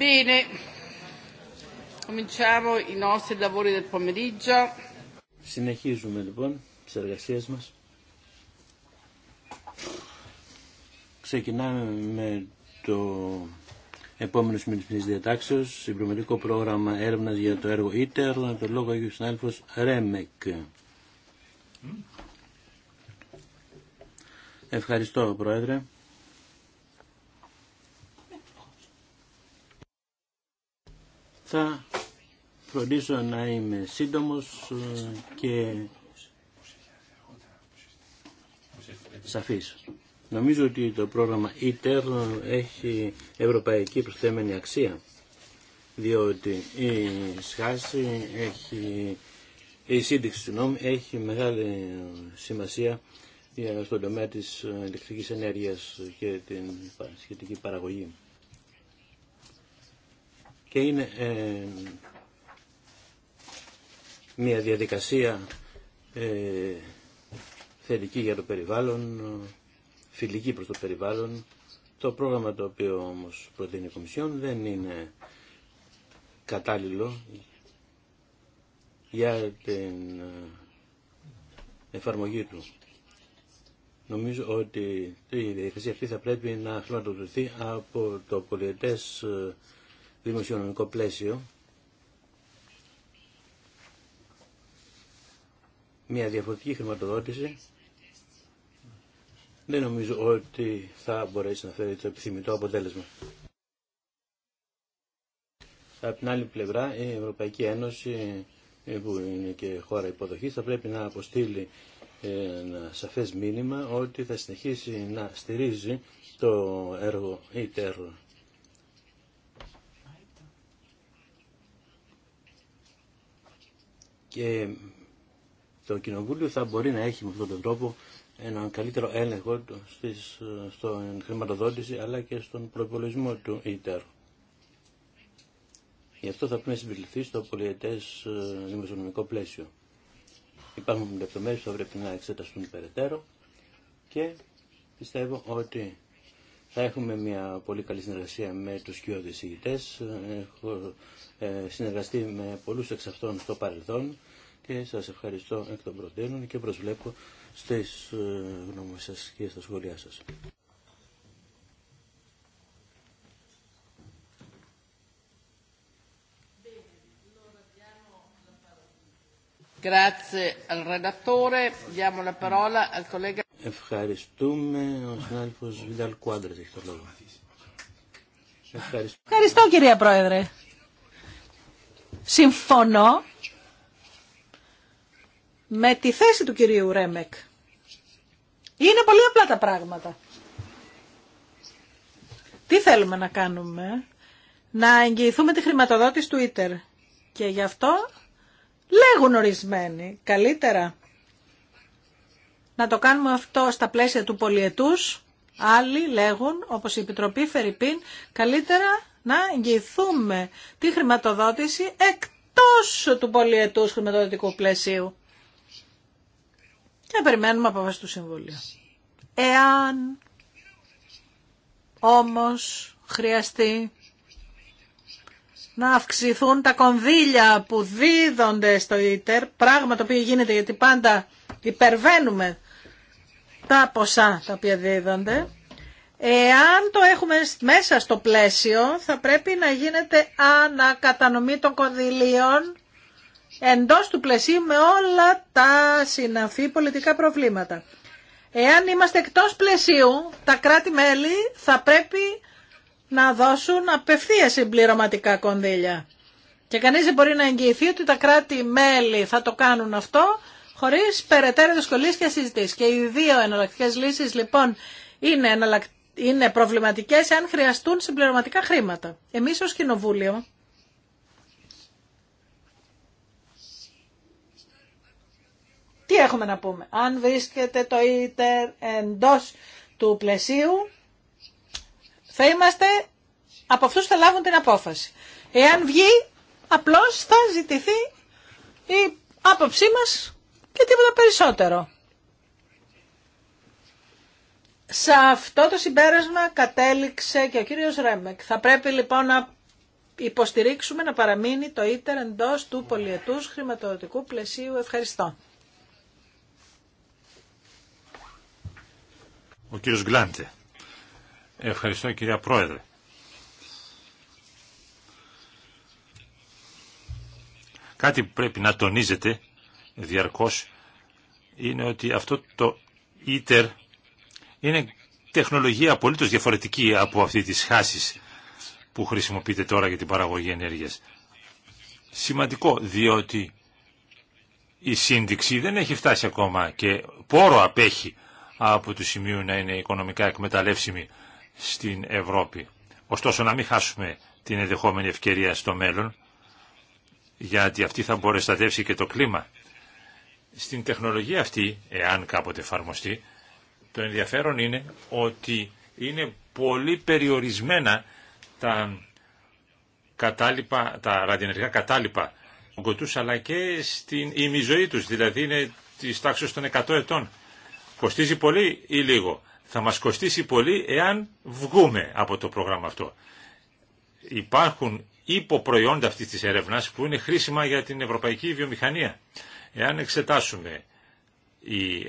Bene, cominciamo i nostri lavori del pomeriggio. Συνεχίζουμε λοιπόν τις εργασίες μας. Ξεκινάμε με το επόμενο σημείο της διατάξεως, συμπληρωματικό πρόγραμμα έρευνας για το έργο ΙΤΕΡ, με το λόγο έχει ο συνάδελφος ΡΕΜΕΚ. Ευχαριστώ Πρόεδρε. Θα φροντίσω να είμαι σύντομος ε, και σαφής. Νομίζω ότι το πρόγραμμα ITER έχει ευρωπαϊκή προσθέμενη αξία, διότι η σχάση έχει, η σύνδεξη έχει μεγάλη σημασία στον τομέα της ε, ηλεκτρικής ενέργειας και την σχετική παραγωγή και είναι ε, μια διαδικασία ε, θετική για το περιβάλλον, φιλική προς το περιβάλλον. Το πρόγραμμα το οποίο όμως προτείνει η Κομισιόν δεν είναι κατάλληλο για την ε, εφαρμογή του. Νομίζω ότι η διαδικασία αυτή θα πρέπει να χρηματοδοτηθεί από το πολιετές δημοσιονομικό πλαίσιο μια διαφορετική χρηματοδότηση δεν νομίζω ότι θα μπορέσει να φέρει το επιθυμητό αποτέλεσμα. Από την άλλη πλευρά η Ευρωπαϊκή Ένωση που είναι και χώρα υποδοχής θα πρέπει να αποστείλει ε, ένα σαφές μήνυμα ότι θα συνεχίσει να στηρίζει το έργο ITER και το Κοινοβούλιο θα μπορεί να έχει με αυτόν τον τρόπο έναν καλύτερο έλεγχο στις, στον χρηματοδότηση αλλά και στον προπολογισμό του ΙΤΕΡ. Γι' αυτό θα πρέπει να συμπληρωθεί στο πολιετές ε, δημοσιονομικό πλαίσιο. Υπάρχουν λεπτομέρειες που θα πρέπει να εξεταστούν περαιτέρω και πιστεύω ότι θα έχουμε μια πολύ καλή συνεργασία με τους κοιόδης ηγητές. Έχω ε, συνεργαστεί με πολλούς εξ αυτών στο παρελθόν και σας ευχαριστώ εκ των προτείνων και προσβλέπω στις γνώμες σας και στα σχόλιά σας. Ευχαριστούμε. Ο συνάδελφος Βινταλ Κουάντρες έχει το λόγο. Ευχαριστώ. Ευχαριστώ κυρία Πρόεδρε. Συμφωνώ με τη θέση του κυρίου Ρέμεκ. Είναι πολύ απλά τα πράγματα. Τι θέλουμε να κάνουμε. Να εγγυηθούμε τη χρηματοδότηση του ΙΤΕΡ. Και γι' αυτό λέγουν ορισμένοι. Καλύτερα να το κάνουμε αυτό στα πλαίσια του πολιετούς. Άλλοι λέγουν, όπως η Επιτροπή Φερρυπίν, καλύτερα να εγγυηθούμε τη χρηματοδότηση εκτός του πολιετούς χρηματοδοτικού πλαισίου. Και περιμένουμε από βάση του Συμβουλίου. Εάν όμως χρειαστεί να αυξηθούν τα κονδύλια που δίδονται στο ΙΤΕΡ, πράγμα το οποίο γίνεται γιατί πάντα υπερβαίνουμε τα ποσά τα οποία δίδονται. Εάν το έχουμε μέσα στο πλαίσιο, θα πρέπει να γίνεται ανακατανομή των κονδυλίων εντός του πλαισίου με όλα τα συναφή πολιτικά προβλήματα. Εάν είμαστε εκτός πλαισίου, τα κράτη-μέλη θα πρέπει να δώσουν απευθεία συμπληρωματικά κονδύλια. Και κανείς δεν μπορεί να εγγυηθεί ότι τα κράτη-μέλη θα το κάνουν αυτό χωρίς περαιτέρω δυσκολίες και συζητήσεις. Και οι δύο εναλλακτικέ λύσεις λοιπόν είναι, εναλλακ... είναι προβληματικές αν χρειαστούν συμπληρωματικά χρήματα. Εμείς ως Κοινοβούλιο τι έχουμε να πούμε. Αν βρίσκεται το ίτερ εντός του πλαισίου θα είμαστε από αυτούς θα λάβουν την απόφαση. Εάν βγει, απλώς θα ζητηθεί η άποψή μας και τίποτα περισσότερο. Σε αυτό το συμπέρασμα κατέληξε και ο κύριος Ρέμεκ. Θα πρέπει λοιπόν να υποστηρίξουμε να παραμείνει το ίτερ εντός του πολιετούς χρηματοδοτικού πλαισίου. Ευχαριστώ. Ο κύριος Γκλάντε. Ευχαριστώ κυρία Πρόεδρε. Κάτι που πρέπει να τονίζετε διαρκώς είναι ότι αυτό το ITER είναι τεχνολογία απολύτως διαφορετική από αυτή της χάσης που χρησιμοποιείται τώρα για την παραγωγή ενέργειας. Σημαντικό διότι η σύνδεξη δεν έχει φτάσει ακόμα και πόρο απέχει από το σημείο να είναι οικονομικά εκμεταλλεύσιμη στην Ευρώπη. Ωστόσο να μην χάσουμε την ενδεχόμενη ευκαιρία στο μέλλον, γιατί αυτή θα μπορεί στατεύσει και το κλίμα. Στην τεχνολογία αυτή, εάν κάποτε εφαρμοστεί, το ενδιαφέρον είναι ότι είναι πολύ περιορισμένα τα, κατάλοιπα, τα ραδιενεργά κατάλοιπα τους, αλλά και στην ημιζωή τους, δηλαδή είναι της τάξης των 100 ετών. Κοστίζει πολύ ή λίγο θα μας κοστίσει πολύ εάν βγούμε από το πρόγραμμα αυτό. Υπάρχουν υποπροϊόντα αυτής της έρευνας που είναι χρήσιμα για την ευρωπαϊκή βιομηχανία. Εάν εξετάσουμε οι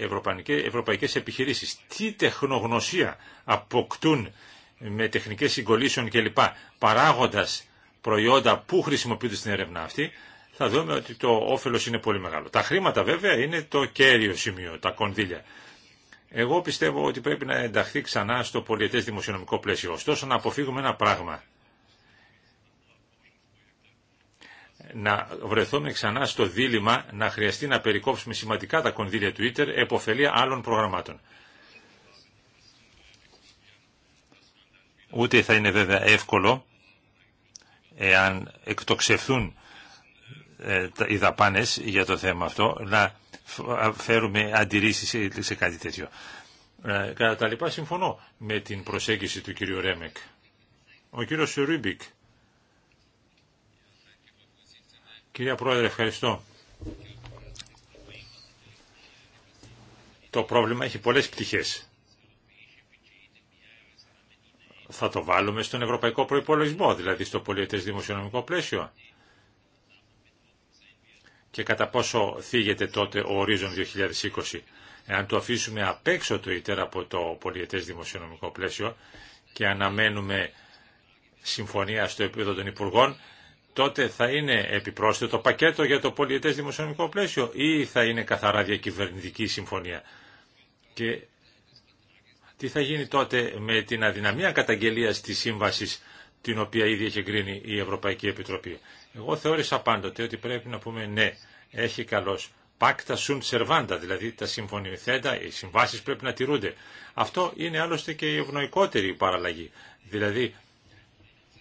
ευρωπαϊκές επιχειρήσεις, τι τεχνογνωσία αποκτούν με τεχνικές συγκολήσεων κλπ. παράγοντας προϊόντα που χρησιμοποιούνται στην έρευνα αυτή, θα δούμε ότι το όφελος είναι πολύ μεγάλο. Τα χρήματα βέβαια είναι το κέριο σημείο, τα κονδύλια. Εγώ πιστεύω ότι πρέπει να ενταχθεί ξανά στο πολιετές δημοσιονομικό πλαίσιο. Ωστόσο να αποφύγουμε ένα πράγμα. Να βρεθούμε ξανά στο δίλημα να χρειαστεί να περικόψουμε σημαντικά τα κονδύλια του Twitter εποφελία άλλων προγραμμάτων. Ούτε θα είναι βέβαια εύκολο εάν εκτοξευθούν ε, οι δαπάνες για το θέμα αυτό, να φέρουμε αντιρρήσει σε κάτι τέτοιο. Ε, κατά τα λοιπά συμφωνώ με την προσέγγιση του κύριου Ρέμεκ. Ο κύριος Ρούμπικ. Κυρία Πρόεδρε, ευχαριστώ. Το πρόβλημα έχει πολλές πτυχές. Θα το βάλουμε στον ευρωπαϊκό προϋπολογισμό, δηλαδή στο πολιετές δημοσιονομικό πλαίσιο και κατά πόσο θίγεται τότε ο ορίζον 2020. Εάν το αφήσουμε απέξω το ΙΤΕΡ από το πολιετές δημοσιονομικό πλαίσιο και αναμένουμε συμφωνία στο επίπεδο των Υπουργών, τότε θα είναι επιπρόσθετο πακέτο για το πολιετές δημοσιονομικό πλαίσιο ή θα είναι καθαρά διακυβερνητική συμφωνία. Και τι θα γίνει τότε με την αδυναμία καταγγελίας της σύμβασης την οποία ήδη έχει εγκρίνει η Ευρωπαϊκή Επιτροπή. Εγώ θεώρησα πάντοτε ότι πρέπει να πούμε ναι, έχει καλώ. Πάκτα sunt σερβάντα. δηλαδή τα συμφωνηθέντα, οι συμβάσει πρέπει να τηρούνται. Αυτό είναι άλλωστε και η ευνοϊκότερη παραλλαγή. Δηλαδή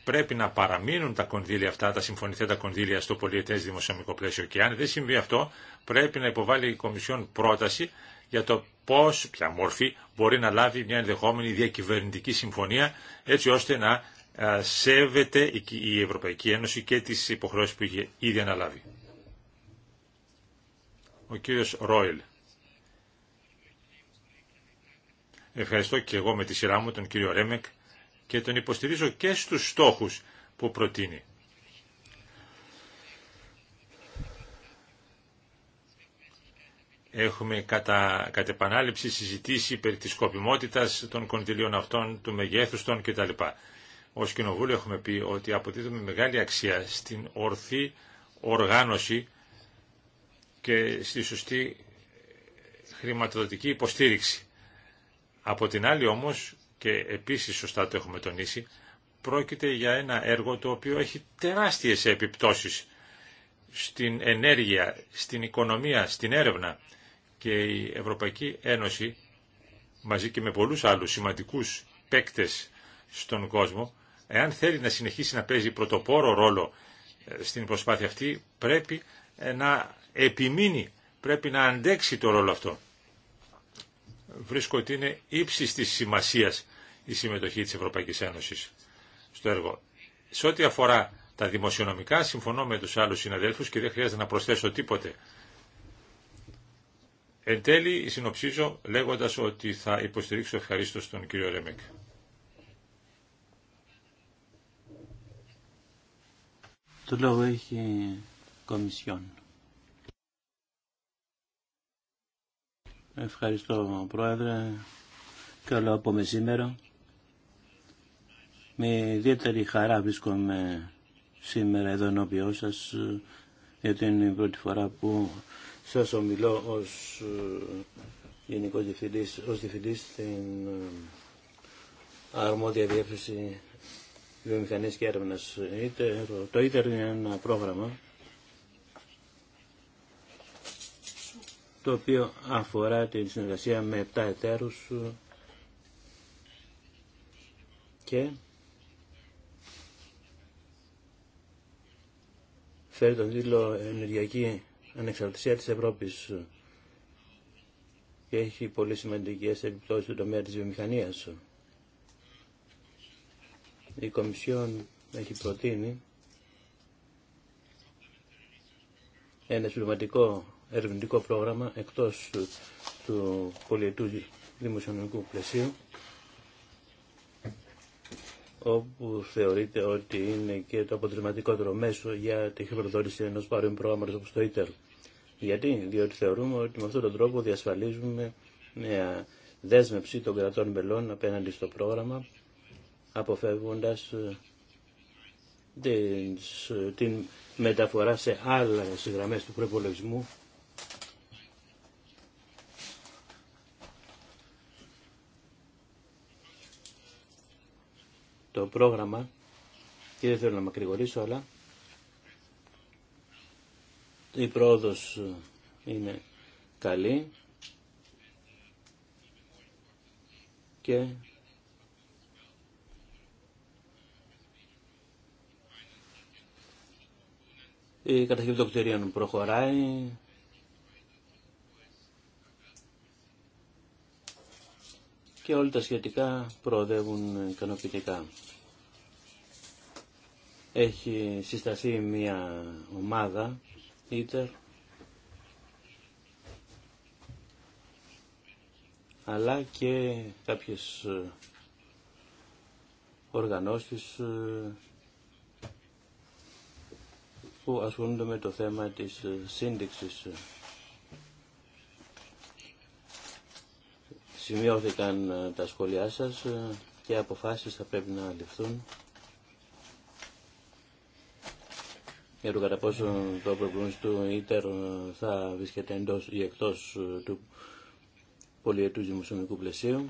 πρέπει να παραμείνουν τα κονδύλια αυτά, τα συμφωνηθέντα κονδύλια στο πολιετέ δημοσιονομικό πλαίσιο. Και αν δεν συμβεί αυτό, πρέπει να υποβάλει η Κομισιόν πρόταση για το πώ, ποια μορφή μπορεί να λάβει μια ενδεχόμενη διακυβερνητική συμφωνία, έτσι ώστε να ε, σέβεται η Ευρωπαϊκή Ένωση και τις υποχρεώσεις που είχε ήδη αναλάβει. Ο κύριος Ρόιλ. Ευχαριστώ και εγώ με τη σειρά μου τον κύριο Ρέμεκ και τον υποστηρίζω και στους στόχους που προτείνει. Έχουμε κατά, κατ' επανάληψη συζητήσει περί της σκοπιμότητας των κοντιλίων αυτών, του μεγέθους των κτλ ως Κοινοβούλιο έχουμε πει ότι αποδίδουμε μεγάλη αξία στην ορθή οργάνωση και στη σωστή χρηματοδοτική υποστήριξη. Από την άλλη όμως, και επίσης σωστά το έχουμε τονίσει, πρόκειται για ένα έργο το οποίο έχει τεράστιες επιπτώσεις στην ενέργεια, στην οικονομία, στην έρευνα και η Ευρωπαϊκή Ένωση μαζί και με πολλούς άλλους σημαντικούς παίκτες στον κόσμο Εάν θέλει να συνεχίσει να παίζει πρωτοπόρο ρόλο ε, στην προσπάθεια αυτή, πρέπει ε, να επιμείνει, πρέπει να αντέξει το ρόλο αυτό. Βρίσκω ότι είναι ύψη τη σημασίας η συμμετοχή της Ευρωπαϊκής Ένωσης στο έργο. Σε ό,τι αφορά τα δημοσιονομικά, συμφωνώ με τους άλλους συναδέλφους και δεν χρειάζεται να προσθέσω τίποτε. Εν τέλει, συνοψίζω λέγοντας ότι θα υποστηρίξω ευχαριστώ τον κύριο Ρέμεκ. Το λόγο έχει Κομισιόν. Ευχαριστώ Πρόεδρε. Καλό από μεσήμερο. Με ιδιαίτερη χαρά βρίσκομαι σήμερα εδώ ενώπιό σα, γιατί είναι η πρώτη φορά που σας ομιλώ ως ε, Γενικός διευθυντή, στην ε, Αρμόδια Διεύθυνση και έρευνας. Το ITER είναι ένα πρόγραμμα το οποίο αφορά την συνεργασία με 7 εταίρους και φέρει τον τίτλο «Ενεργειακή ανεξαρτησία της Ευρώπης» και έχει πολύ σημαντικές επιπτώσεις στον τομέα της βιομηχανίας η Κομισιόν έχει προτείνει ένα συμπληρωματικό ερευνητικό πρόγραμμα εκτός του πολιετού δημοσιονομικού πλαισίου όπου θεωρείται ότι είναι και το αποτελεσματικότερο μέσο για τη χρηματοδότηση ενός παρόμοιου προγράμματος όπως το ITER. Γιατί, διότι θεωρούμε ότι με αυτόν τον τρόπο διασφαλίζουμε μια δέσμευση των κρατών μελών απέναντι στο πρόγραμμα αποφεύγοντας ε, ε, την μεταφορά σε άλλες γραμμές του προπολογισμού το πρόγραμμα και δεν θέλω να μακρηγορήσω αλλά η πρόοδος ε, είναι καλή και Η κατασκευή των κτηρίων προχωράει. Και όλα τα σχετικά προοδεύουν ικανοποιητικά. Έχει συσταθεί μια ομάδα, ήτερ. αλλά και κάποιες οργανώσεις ε, που ασχολούνται με το θέμα της ε, σύνδεξης. Ε, σημειώθηκαν ε, τα σχόλιά σας και αποφάσεις θα πρέπει να ληφθούν για το κατά πόσο το προβλήμα του ΙΤΕΡ θα βρίσκεται εντός ή εκτός του πολιετού δημοσιονομικού πλαισίου.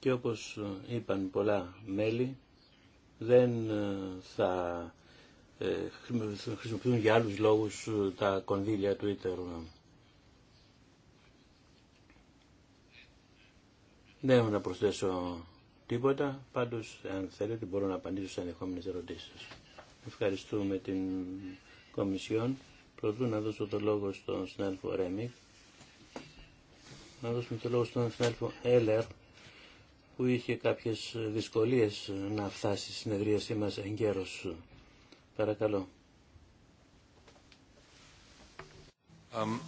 και όπως είπαν πολλά μέλη δεν ε, ε, θα χρησιμοποιούν για άλλους λόγους ε, τα κονδύλια του Twitter. Δεν έχω να προσθέσω τίποτα, πάντως αν θέλετε μπορώ να απαντήσω σε ανεχόμενες ερωτήσεις. Ευχαριστούμε την Κομισιόν. Προτού να δώσω το λόγο στον συνάδελφο Ρέμι, να δώσουμε το λόγο στον συνάδελφο Έλερ, που είχε κάποιες δυσκολίες να φτάσει στη συνεδρίασή μας καιρός. Παρακαλώ. Um,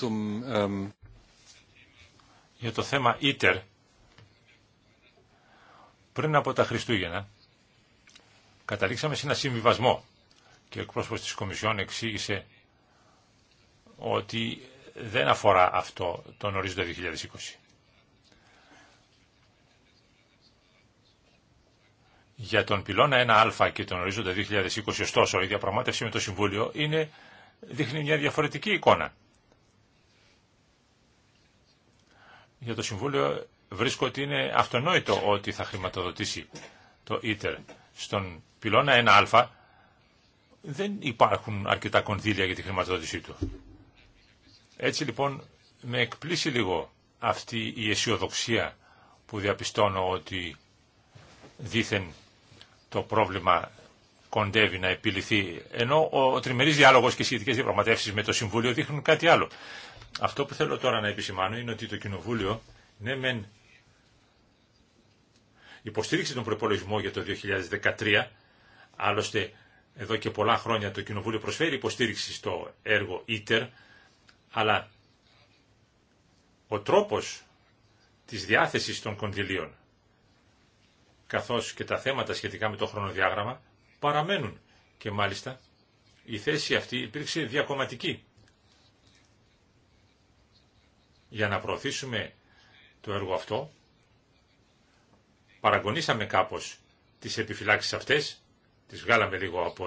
zum, um... Για το θέμα Ίτερ, πριν από τα Χριστούγεννα, καταλήξαμε σε ένα συμβιβασμό και ο εκπρόσωπος της Κομισιόν εξήγησε ότι δεν αφορά αυτό τον ορίζοντα 2020. Για τον πυλώνα 1α και τον ορίζοντα 2020, ωστόσο, η διαπραγμάτευση με το Συμβούλιο είναι, δείχνει μια διαφορετική εικόνα. Για το Συμβούλιο βρίσκω ότι είναι αυτονόητο ότι θα χρηματοδοτήσει το ίτερ. Στον πυλώνα 1α δεν υπάρχουν αρκετά κονδύλια για τη χρηματοδότησή του. Έτσι λοιπόν με εκπλήσει λίγο αυτή η αισιοδοξία που διαπιστώνω ότι δήθεν το πρόβλημα κοντεύει να επιληθεί, ενώ ο τριμερής διάλογος και οι σχετικές διαπραγματεύσεις με το Συμβούλιο δείχνουν κάτι άλλο. Αυτό που θέλω τώρα να επισημάνω είναι ότι το Κοινοβούλιο, ναι μεν υποστήριξε τον προπολογισμό για το 2013, άλλωστε εδώ και πολλά χρόνια το Κοινοβούλιο προσφέρει υποστήριξη στο έργο ΙΤΕΡ, αλλά ο τρόπος της διάθεσης των κονδυλίων καθώς και τα θέματα σχετικά με το χρονοδιάγραμμα παραμένουν. Και μάλιστα η θέση αυτή υπήρξε διακομματική. Για να προωθήσουμε το έργο αυτό, παραγωνίσαμε κάπως τις επιφυλάξεις αυτές, τις βγάλαμε λίγο από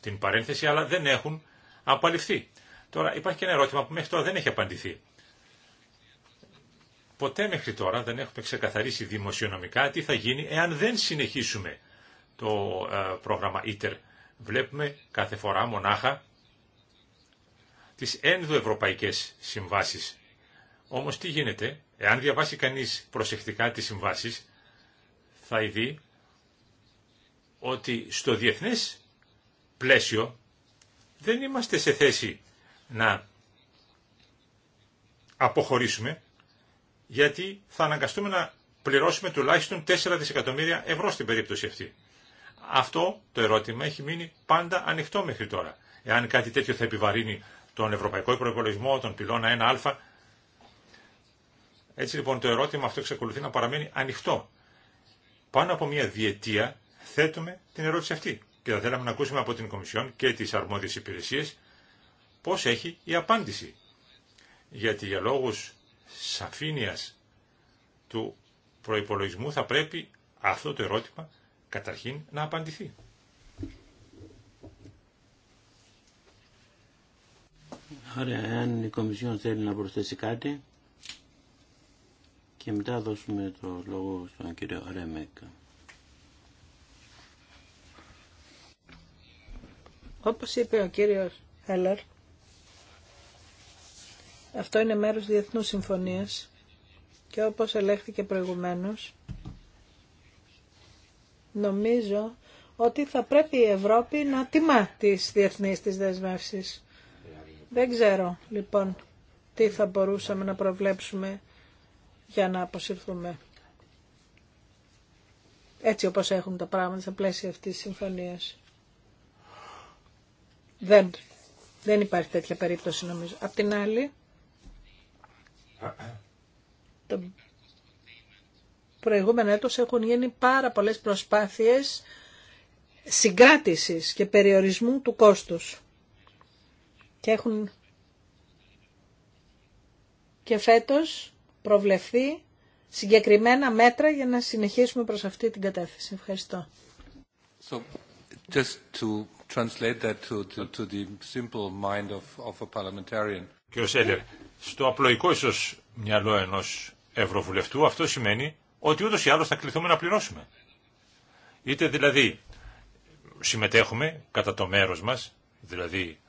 την παρένθεση, αλλά δεν έχουν απαλληφθεί. Τώρα υπάρχει και ένα ερώτημα που μέχρι τώρα δεν έχει απαντηθεί ποτέ μέχρι τώρα δεν έχουμε ξεκαθαρίσει δημοσιονομικά τι θα γίνει εάν δεν συνεχίσουμε το ε, πρόγραμμα ITER. Βλέπουμε κάθε φορά μονάχα τις ενδοευρωπαϊκές συμβάσεις. Όμως τι γίνεται, εάν διαβάσει κανείς προσεκτικά τις συμβάσεις, θα δει ότι στο διεθνές πλαίσιο δεν είμαστε σε θέση να αποχωρήσουμε γιατί θα αναγκαστούμε να πληρώσουμε τουλάχιστον 4 δισεκατομμύρια ευρώ στην περίπτωση αυτή. Αυτό το ερώτημα έχει μείνει πάντα ανοιχτό μέχρι τώρα. Εάν κάτι τέτοιο θα επιβαρύνει τον ευρωπαϊκό προπολογισμό, τον πυλώνα 1α. Έτσι λοιπόν το ερώτημα αυτό εξακολουθεί να παραμένει ανοιχτό. Πάνω από μια διετία θέτουμε την ερώτηση αυτή και θα θέλαμε να ακούσουμε από την Κομισιόν και τις αρμόδιες υπηρεσίες πώς έχει η απάντηση. Γιατί για λόγους σαφήνειας του προϋπολογισμού θα πρέπει αυτό το ερώτημα καταρχήν να απαντηθεί. Ωραία, εάν η Κομισιόν θέλει να προσθέσει κάτι και μετά δώσουμε το λόγο στον κύριο Ρέμεκα. Όπως είπε ο κύριος Έλλερ, αυτό είναι μέρος διεθνούς συμφωνίας και όπως ελέγχθηκε προηγουμένως, νομίζω ότι θα πρέπει η Ευρώπη να τιμά τις διεθνείς της δεσμεύσεις. Δεν ξέρω, λοιπόν, τι θα μπορούσαμε να προβλέψουμε για να αποσυρθούμε. Έτσι όπως έχουν τα πράγματα στα πλαίσια αυτής της συμφωνίας. Δεν, δεν υπάρχει τέτοια περίπτωση νομίζω. Απ' την άλλη, το προηγούμενο έτος έχουν γίνει πάρα πολλές προσπάθειες συγκράτησης και περιορισμού του κόστους. Και έχουν και φέτος προβλεφθεί συγκεκριμένα μέτρα για να συνεχίσουμε προς αυτή την κατεύθυνση. Ευχαριστώ. So, just to translate that to, to the simple mind of, of a parliamentarian. Σέλερ, στο απλοϊκό ίσω μυαλό ενό Ευρωβουλευτού αυτό σημαίνει ότι ούτω ή άλλω θα κληθούμε να πληρώσουμε. Είτε δηλαδή συμμετέχουμε κατά το μέρο μα, δηλαδή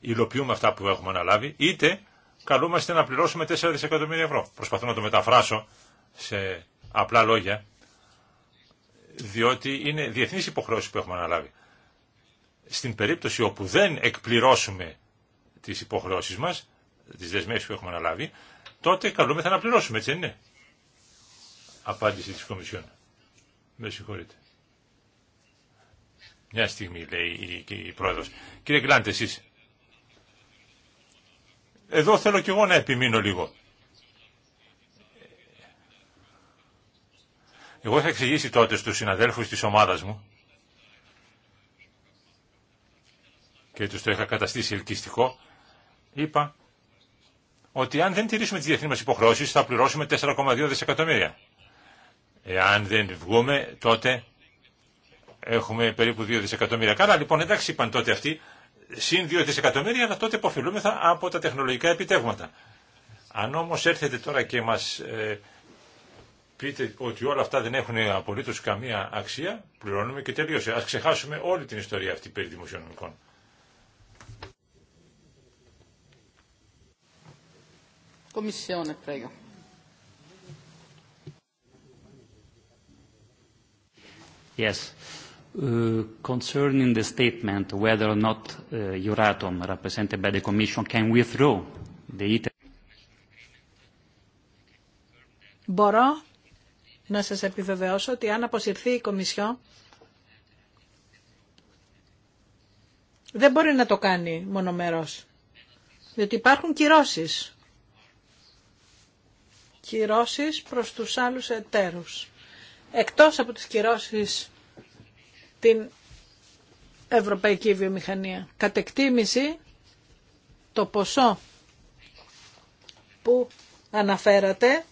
υλοποιούμε αυτά που έχουμε αναλάβει, είτε καλούμαστε να πληρώσουμε 4 δισεκατομμύρια ευρώ. Προσπαθώ να το μεταφράσω σε απλά λόγια, διότι είναι διεθνεί υποχρεώσει που έχουμε αναλάβει. Στην περίπτωση όπου δεν εκπληρώσουμε τις υποχρεώσεις μας, τις δεσμεύσεις που έχουμε αναλάβει, τότε καλούμε θα να πληρώσουμε, έτσι δεν είναι. Απάντηση της Κομισιόν. Με συγχωρείτε. Μια στιγμή λέει η, η πρόεδρος. Κύριε Γκλάντε εσείς. Εδώ θέλω κι εγώ να επιμείνω λίγο. Εγώ είχα εξηγήσει τότε στους συναδέλφους της ομάδας μου και τους το είχα καταστήσει ελκυστικό, είπα ότι αν δεν τηρήσουμε τις διεθνείς μας υποχρεώσεις θα πληρώσουμε 4,2 δισεκατομμύρια. Εάν δεν βγούμε τότε έχουμε περίπου 2 δισεκατομμύρια. Καλά λοιπόν εντάξει είπαν τότε αυτοί συν 2 δισεκατομμύρια αλλά τότε υποφελούμεθα από τα τεχνολογικά επιτεύγματα. Αν όμως έρθετε τώρα και μας ε, πείτε ότι όλα αυτά δεν έχουν απολύτως καμία αξία πληρώνουμε και τελείωσε. Ας ξεχάσουμε όλη την ιστορία αυτή περί δημοσιονομικών. Commissione, prego. Yes. Concerning the statement whether or not uh, Euratom, represented by the Commission, can withdraw the ITER. Μπορώ να σας επιβεβαιώσω ότι αν αποσυρθεί η Κομισιό δεν μπορεί να το κάνει μονομερός. Διότι υπάρχουν κυρώσεις κυρώσεις προς τους άλλους εταίρους. Εκτός από τις κυρώσεις την ευρωπαϊκή βιομηχανία. Κατεκτήμηση το ποσό που αναφέρατε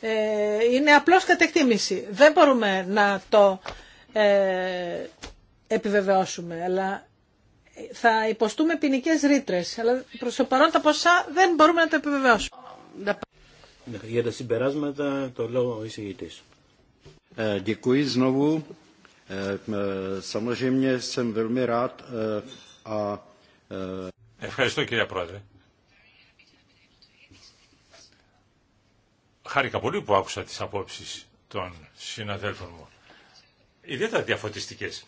ε, είναι απλώς κατεκτήμηση. Δεν μπορούμε να το ε, επιβεβαιώσουμε, αλλά θα υποστούμε ποινικέ ρήτρε. Αλλά προ το παρόν τα ποσά δεν μπορούμε να τα επιβεβαιώσουμε. Ναι, για τα συμπεράσματα το λόγο ο εισηγητή. Ε, ε, ε, Ευχαριστώ κύριε Πρόεδρε. Χάρηκα πολύ που άκουσα τις απόψεις των συναδέλφων μου. Ιδιαίτερα διαφωτιστικές.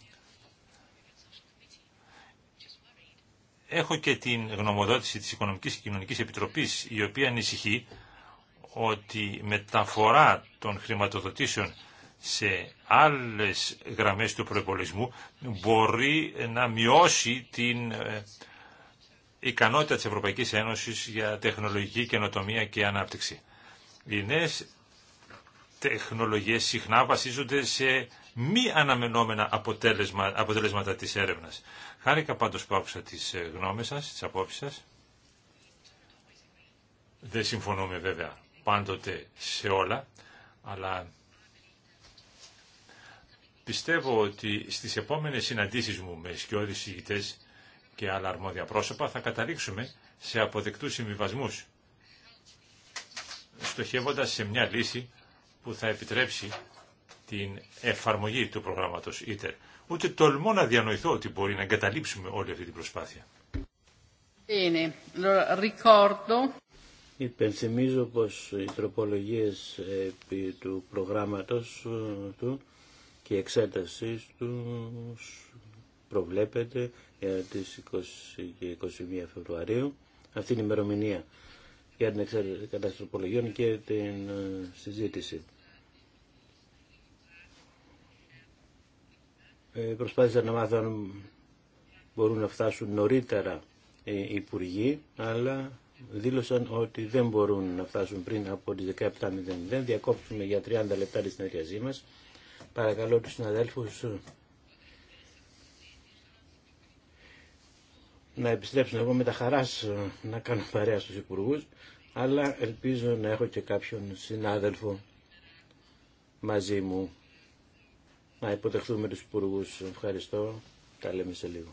Έχω και την γνωμοδότηση της Οικονομικής και Κοινωνικής Επιτροπής, η οποία ανησυχεί ότι μεταφορά των χρηματοδοτήσεων σε άλλες γραμμές του προϋπολισμού μπορεί να μειώσει την ε, ικανότητα της Ευρωπαϊκής Ένωσης για τεχνολογική καινοτομία και ανάπτυξη. Οι νέες τεχνολογίες συχνά βασίζονται σε μη αναμενόμενα αποτελέσματα της έρευνας. Χάρηκα πάντως που άκουσα τις ε, γνώμες σας, τις απόψεις σας. Δεν συμφωνούμε βέβαια πάντοτε σε όλα, αλλά πιστεύω ότι στις επόμενες συναντήσεις μου με σκιώδεις συγητές και άλλα αρμόδια πρόσωπα θα καταλήξουμε σε αποδεκτούς συμβιβασμού, στοχεύοντας σε μια λύση που θα επιτρέψει την εφαρμογή του προγράμματος ITER. Ούτε τολμώ να διανοηθώ ότι μπορεί να εγκαταλείψουμε όλη αυτή την προσπάθεια. Είναι. Υπενθυμίζω πως οι τροπολογίες ε, του προγράμματος ε, του και η εξέτασή του προβλέπεται για ε, τις 20 και 21 Φεβρουαρίου. Αυτή είναι η ημερομηνία για την εξέταση των τροπολογιών και την συζήτηση. Ε, προσπάθησα να μάθω αν μπορούν να φτάσουν νωρίτερα οι υπουργοί, αλλά δήλωσαν ότι δεν μπορούν να φτάσουν πριν από τις 17.00. Διακόπτουμε για 30 λεπτά τη συνεργασία μας. Παρακαλώ τους συναδέλφους να επιστρέψουν εγώ με τα χαράς να κάνω παρέα στους υπουργούς, αλλά ελπίζω να έχω και κάποιον συνάδελφο μαζί μου να υποδεχθούμε τους υπουργούς. Ευχαριστώ. Τα λέμε σε λίγο.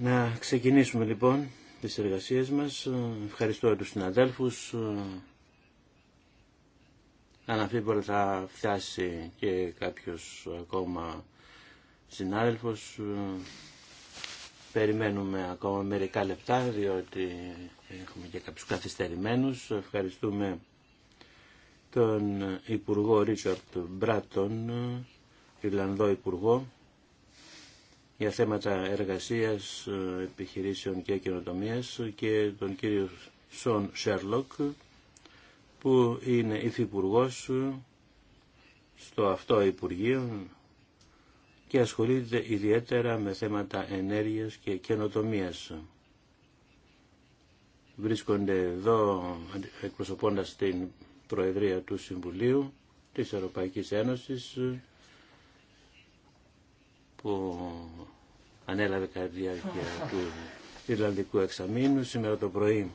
Να ξεκινήσουμε λοιπόν τις εργασίες μας. Ευχαριστώ τους συναδέλφους. Αναφίβολα θα φτάσει και κάποιος ακόμα συνάδελφος. Περιμένουμε ακόμα μερικά λεπτά διότι έχουμε και κάποιους καθυστερημένους. Ευχαριστούμε τον Υπουργό Ρίτσαρτ Μπράτον, Ιρλανδό Υπουργό, για θέματα εργασίας, επιχειρήσεων και καινοτομίας και τον κύριο Σον Σέρλοκ, που είναι υφυπουργό στο αυτό Υπουργείο και ασχολείται ιδιαίτερα με θέματα ενέργειας και καινοτομίας. Βρίσκονται εδώ εκπροσωπώντας την Προεδρία του Συμβουλίου της Ευρωπαϊκής Ένωσης ε, που ανέλαβε κατά τη διάρκεια του Ιρλανδικού εξαμήνου. Σήμερα το πρωί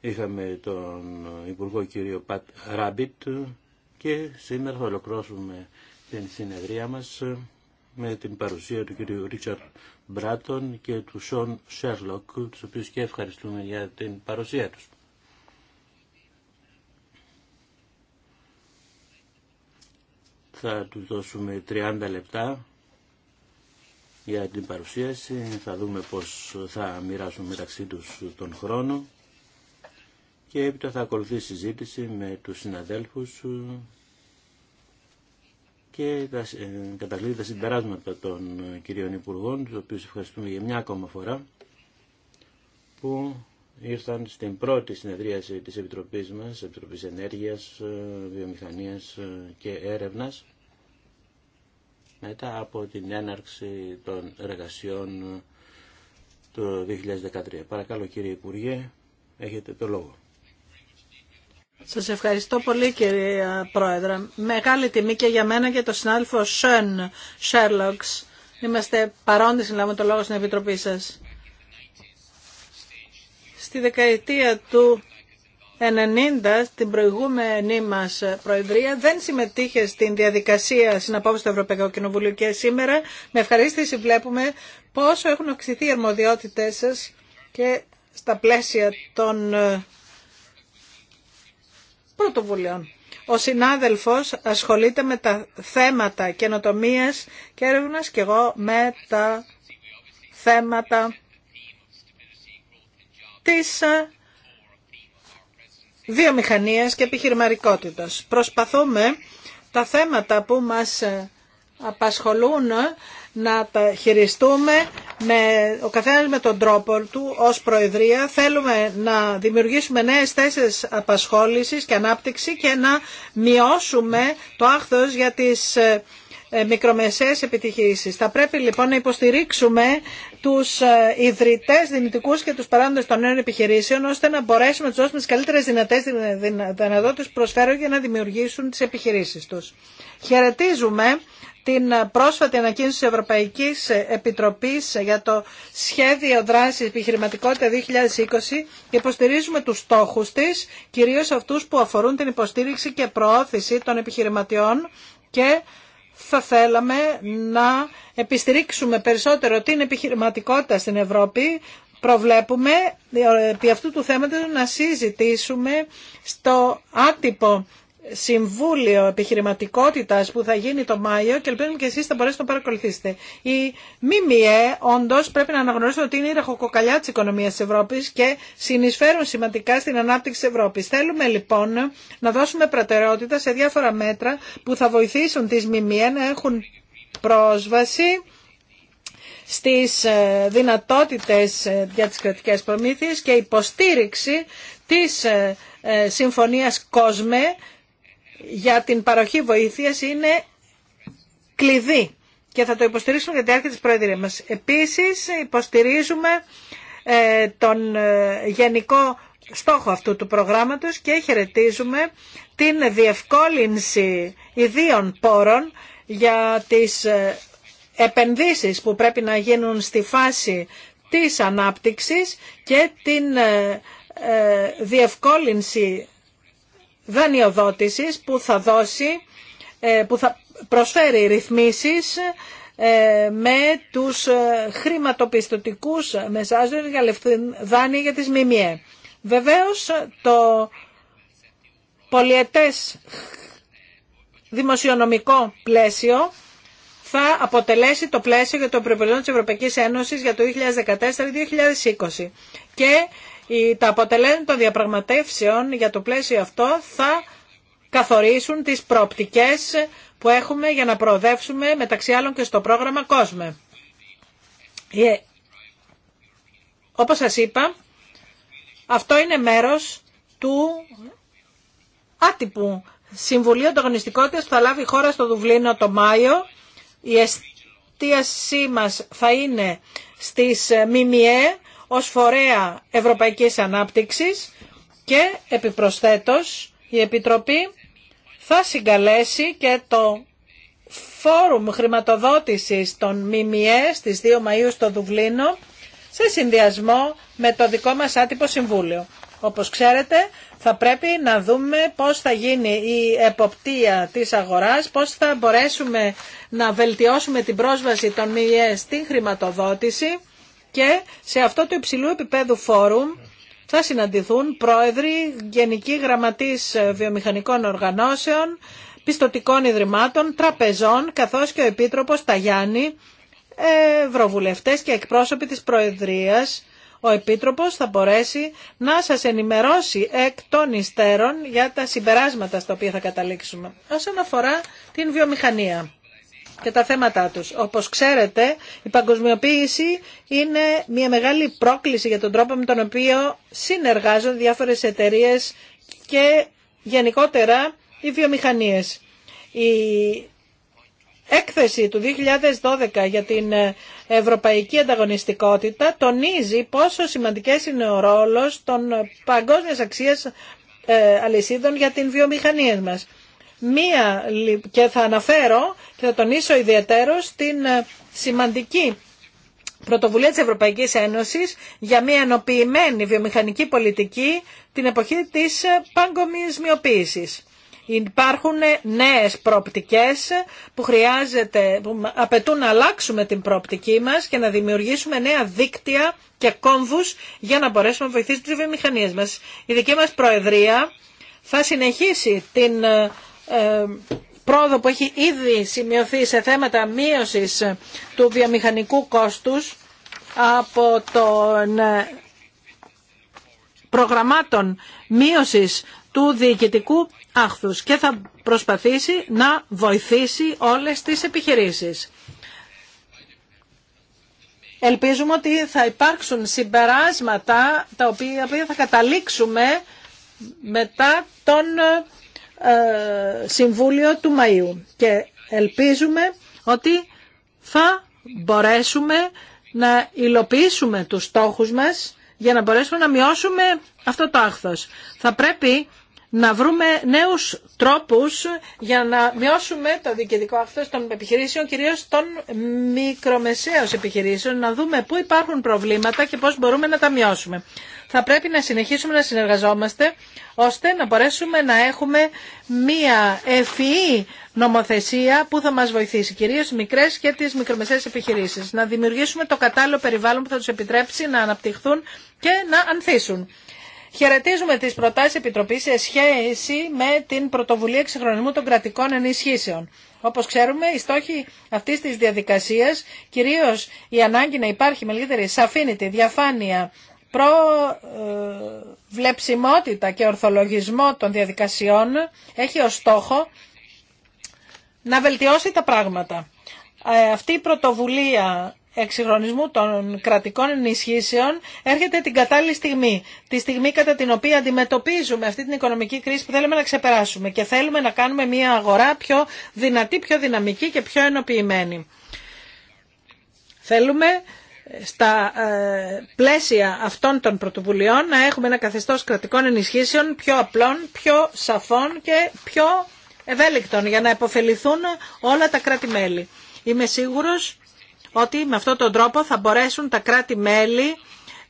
είχαμε τον Υπουργό κύριο Πατ Ράμπιτ και σήμερα θα ολοκληρώσουμε την συνεδρία μας με την παρουσία του κύριου Ρίτσαρντ Μπράτον και του Σον Σέρλοκ, τους οποίους και ευχαριστούμε για την παρουσία τους. Θα του δώσουμε 30 λεπτά για την παρουσίαση. Θα δούμε πώς θα μοιράσουμε μεταξύ τους τον χρόνο και έπειτα θα ακολουθήσει συζήτηση με τους συναδέλφους και τα, ε, τα συμπεράσματα των κυρίων Υπουργών, τους οποίους ευχαριστούμε για μια ακόμα φορά, που ήρθαν στην πρώτη συνεδρίαση της Επιτροπής μας, Επιτροπής Ενέργειας, Βιομηχανίας και Έρευνας, μετά από την έναρξη των εργασιών το 2013. Παρακαλώ κύριε Υπουργέ, έχετε το λόγο. Σας ευχαριστώ πολύ κύριε Πρόεδρε. Μεγάλη τιμή και για μένα και το συνάδελφο Σεν Σέρλοξ. Είμαστε παρόντες, λάβουμε το λόγο στην Επιτροπή σας. Στη δεκαετία του 90 στην προηγούμενη μας Προεδρία δεν συμμετείχε στην διαδικασία συναπόφαση του Ευρωπαϊκού Κοινοβουλίου και σήμερα με ευχαρίστηση βλέπουμε πόσο έχουν αυξηθεί οι αρμοδιότητές σας και στα πλαίσια των ε, πρωτοβουλειών. Ο συνάδελφος ασχολείται με τα θέματα καινοτομία και έρευνα και εγώ με τα θέματα της ε, βιομηχανίας και επιχειρηματικότητας. Προσπαθούμε τα θέματα που μας απασχολούν να τα χειριστούμε με, ο καθένας με τον τρόπο του ως Προεδρία. Θέλουμε να δημιουργήσουμε νέες θέσεις απασχόλησης και ανάπτυξη και να μειώσουμε το άχθος για τις ε, ε, μικρομεσαίες επιτυχήσεις. Θα πρέπει λοιπόν να υποστηρίξουμε τους ε, ιδρυτές δυνητικούς και τους παράγοντες των νέων επιχειρήσεων ώστε να μπορέσουμε να τους δώσουμε τις καλύτερες δυνατές δυνατότητες που προσφέρουν για να δημιουργήσουν τις επιχειρήσεις τους. Χαιρετίζουμε την πρόσφατη ανακοίνωση της Ευρωπαϊκής Επιτροπής για το σχέδιο δράσης επιχειρηματικότητα 2020 και υποστηρίζουμε τους στόχους της, κυρίως αυτούς που αφορούν την υποστήριξη και προώθηση των επιχειρηματιών και θα θέλαμε να επιστηρίξουμε περισσότερο την επιχειρηματικότητα στην Ευρώπη. Προβλέπουμε ε, επί αυτού του θέματος να συζητήσουμε στο άτυπο συμβούλιο επιχειρηματικότητας που θα γίνει το Μάιο και ελπίζουμε και εσείς θα μπορέσετε να παρακολουθήσετε. Η ΜΜΕ όντως πρέπει να αναγνωρίσουμε ότι είναι η ραχοκοκαλιά της οικονομίας της Ευρώπης και συνεισφέρουν σημαντικά στην ανάπτυξη της Ευρώπης. Θέλουμε λοιπόν να δώσουμε προτεραιότητα σε διάφορα μέτρα που θα βοηθήσουν τις ΜΜΕ να έχουν πρόσβαση στις ε, δυνατότητες ε, για τις κρατικές προμήθειες και υποστήριξη της ε, συμφωνίας Κόσμε για την παροχή βοήθειας είναι κλειδί και θα το υποστηρίσουμε για τη διάρκεια της Προεδρία μας. Επίσης υποστηρίζουμε ε, τον ε, γενικό στόχο αυτού του προγράμματος και χαιρετίζουμε την διευκόλυνση ιδίων πόρων για τις ε, επενδύσεις που πρέπει να γίνουν στη φάση της ανάπτυξης και την διευκόλυνση δανειοδότησης που θα δώσει, ε, που θα προσφέρει ρυθμίσεις ε, με τους ε, χρηματοπιστωτικούς μεσάζοντες για δάνεια για τις ΜΜΕ. Βεβαίως το πολιετές δημοσιονομικό πλαίσιο θα αποτελέσει το πλαίσιο για το προπολογισμό της Ευρωπαϊκής Ένωσης για το 2014-2020 και τα αποτελέσματα των διαπραγματεύσεων για το πλαίσιο αυτό θα καθορίσουν τις προοπτικές που έχουμε για να προοδεύσουμε μεταξύ άλλων και στο πρόγραμμα COSME. Yeah. Όπως σας είπα, αυτό είναι μέρος του άτυπου Συμβουλίου Ανταγωνιστικότητας που θα λάβει η χώρα στο Δουβλίνο το Μάιο. Η εστίασή μας θα είναι στις ΜΜΕ ως φορέα ευρωπαϊκής ανάπτυξης και επιπροσθέτως η Επιτροπή θα συγκαλέσει και το φόρουμ χρηματοδότησης των ΜΜΕ στις 2 Μαΐου στο Δουβλίνο σε συνδυασμό με το δικό μας άτυπο συμβούλιο. Όπως ξέρετε θα πρέπει να δούμε πώς θα γίνει η εποπτεία της αγοράς, πώς θα μπορέσουμε να βελτιώσουμε την πρόσβαση των ΜΜΕ στην χρηματοδότηση και σε αυτό το υψηλού επίπεδου φόρουμ θα συναντηθούν πρόεδροι, γενικοί γραμματείς ε, βιομηχανικών οργανώσεων, πιστοτικών ιδρυμάτων, τραπεζών, καθώς και ο Επίτροπος Ταγιάννη, ε, ευρωβουλευτές και εκπρόσωποι της Προεδρίας. Ο Επίτροπος θα μπορέσει να σας ενημερώσει εκ των υστέρων για τα συμπεράσματα στα οποία θα καταλήξουμε. Όσον αφορά την βιομηχανία και τα θέματά τους. Όπως ξέρετε, η παγκοσμιοποίηση είναι μια μεγάλη πρόκληση για τον τρόπο με τον οποίο συνεργάζονται διάφορες εταιρείες και γενικότερα οι βιομηχανίες. Η έκθεση του 2012 για την ευρωπαϊκή ανταγωνιστικότητα τονίζει πόσο σημαντικές είναι ο ρόλος των παγκόσμιας αξίας ε, αλυσίδων για την βιομηχανία μας. Μία, και θα αναφέρω και θα τονίσω ιδιαίτερο την ε, σημαντική πρωτοβουλία της Ευρωπαϊκής Ένωσης για μια ενοποιημένη βιομηχανική πολιτική την εποχή της ε, παγκομισμιοποίησης. Υπάρχουν ε, νέες προοπτικές που, χρειάζεται, που απαιτούν να αλλάξουμε την προοπτική μας και να δημιουργήσουμε νέα δίκτυα και κόμβους για να μπορέσουμε να βοηθήσουμε τις βιομηχανίες μας. Η δική μας Προεδρία θα συνεχίσει την ε, πρόοδο που έχει ήδη σημειωθεί σε θέματα μείωσης του βιομηχανικού κόστους από των ε, προγραμμάτων μείωσης του διοικητικού άχθους και θα προσπαθήσει να βοηθήσει όλες τις επιχειρήσεις. Ελπίζουμε ότι θα υπάρξουν συμπεράσματα τα οποία θα καταλήξουμε μετά τον ε, ε, Συμβούλιο του Μαΐου και ελπίζουμε ότι θα μπορέσουμε να υλοποιήσουμε τους στόχους μας για να μπορέσουμε να μειώσουμε αυτό το άχθος. Θα πρέπει να βρούμε νέους τρόπους για να μειώσουμε το διοικητικό αυτό των επιχειρήσεων, κυρίως των μικρομεσαίων επιχειρήσεων, να δούμε πού υπάρχουν προβλήματα και πώς μπορούμε να τα μειώσουμε. Θα πρέπει να συνεχίσουμε να συνεργαζόμαστε, ώστε να μπορέσουμε να έχουμε μία ευφυή νομοθεσία που θα μας βοηθήσει, κυρίως τις μικρές και τις μικρομεσαίες επιχειρήσεις. Να δημιουργήσουμε το κατάλληλο περιβάλλον που θα τους επιτρέψει να αναπτυχθούν και να ανθίσουν. Χαιρετίζουμε τις προτάσεις Επιτροπής σε σχέση με την πρωτοβουλία εξυγχρονισμού των κρατικών ενισχύσεων. Όπως ξέρουμε, οι στόχοι αυτής της διαδικασίας, κυρίω η ανάγκη να υπάρχει μεγαλύτερη σαφήνητη διαφάνεια προβλεψιμότητα και ορθολογισμό των διαδικασιών έχει ως στόχο να βελτιώσει τα πράγματα. Ε, αυτή η πρωτοβουλία εξυγχρονισμού των κρατικών ενισχύσεων έρχεται την κατάλληλη στιγμή. Τη στιγμή κατά την οποία αντιμετωπίζουμε αυτή την οικονομική κρίση που θέλουμε να ξεπεράσουμε και θέλουμε να κάνουμε μια αγορά πιο δυνατή, πιο δυναμική και πιο ενοποιημένη. Θέλουμε στα ε, πλαίσια αυτών των πρωτοβουλειών να έχουμε ένα καθεστώς κρατικών ενισχύσεων πιο απλών, πιο σαφών και πιο ευέλικτων για να επωφεληθούν όλα τα κράτη-μέλη. Είμαι σίγουρος ότι με αυτόν τον τρόπο θα μπορέσουν τα κράτη-μέλη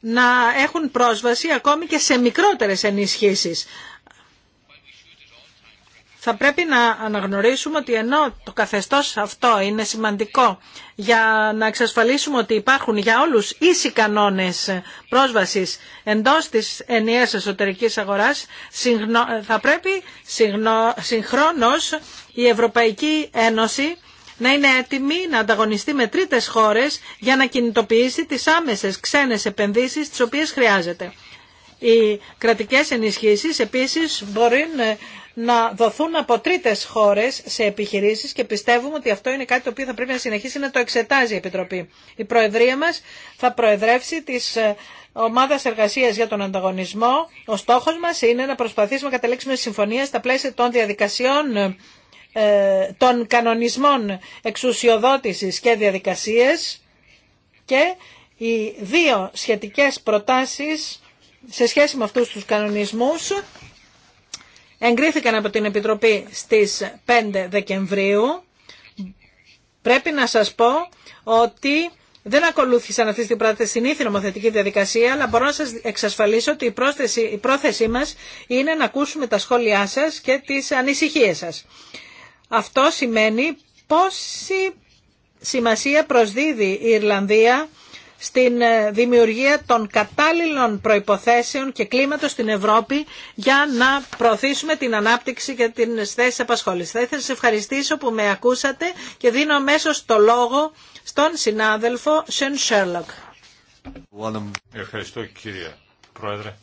να έχουν πρόσβαση ακόμη και σε μικρότερες ενισχύσεις. Θα πρέπει να αναγνωρίσουμε ότι ενώ το καθεστώς αυτό είναι σημαντικό για να εξασφαλίσουμε ότι υπάρχουν για όλους ίσοι κανόνες πρόσβασης εντός της ενιαίας εσωτερικής αγοράς, θα πρέπει συγχρόνως η Ευρωπαϊκή Ένωση να είναι έτοιμη να ανταγωνιστεί με τρίτε χώρε για να κινητοποιήσει τι άμεσε ξένε επενδύσει τι οποίε χρειάζεται. Οι κρατικέ ενισχύσει επίση μπορεί να δοθούν από τρίτε χώρε σε επιχειρήσει και πιστεύουμε ότι αυτό είναι κάτι το οποίο θα πρέπει να συνεχίσει να το εξετάζει η Επιτροπή. Η Προεδρία μα θα προεδρεύσει τις ε, ομάδα εργασία για τον ανταγωνισμό. Ο στόχο μα είναι να προσπαθήσουμε να καταλήξουμε συμφωνία στα πλαίσια των διαδικασιών ε, ε, των κανονισμών εξουσιοδότησης και διαδικασίες και οι δύο σχετικές προτάσεις σε σχέση με αυτούς τους κανονισμούς εγκρίθηκαν από την Επιτροπή στις 5 Δεκεμβρίου. Πρέπει να σας πω ότι δεν ακολούθησαν αυτή την πράτη ήθη νομοθετική διαδικασία, αλλά μπορώ να σας εξασφαλίσω ότι η, η πρόθεσή μας είναι να ακούσουμε τα σχόλιά σας και τις ανησυχίες σας. Αυτό σημαίνει πόση σημασία προσδίδει η Ιρλανδία στην ε, δημιουργία των κατάλληλων προϋποθέσεων και κλίματος στην Ευρώπη για να προωθήσουμε την ανάπτυξη και την θέση απασχόληση. Θα ήθελα σας ευχαριστήσω που με ακούσατε και δίνω αμέσω το λόγο στον συνάδελφο Σεν Σέρλοκ. Ευχαριστώ κύριε Πρόεδρε.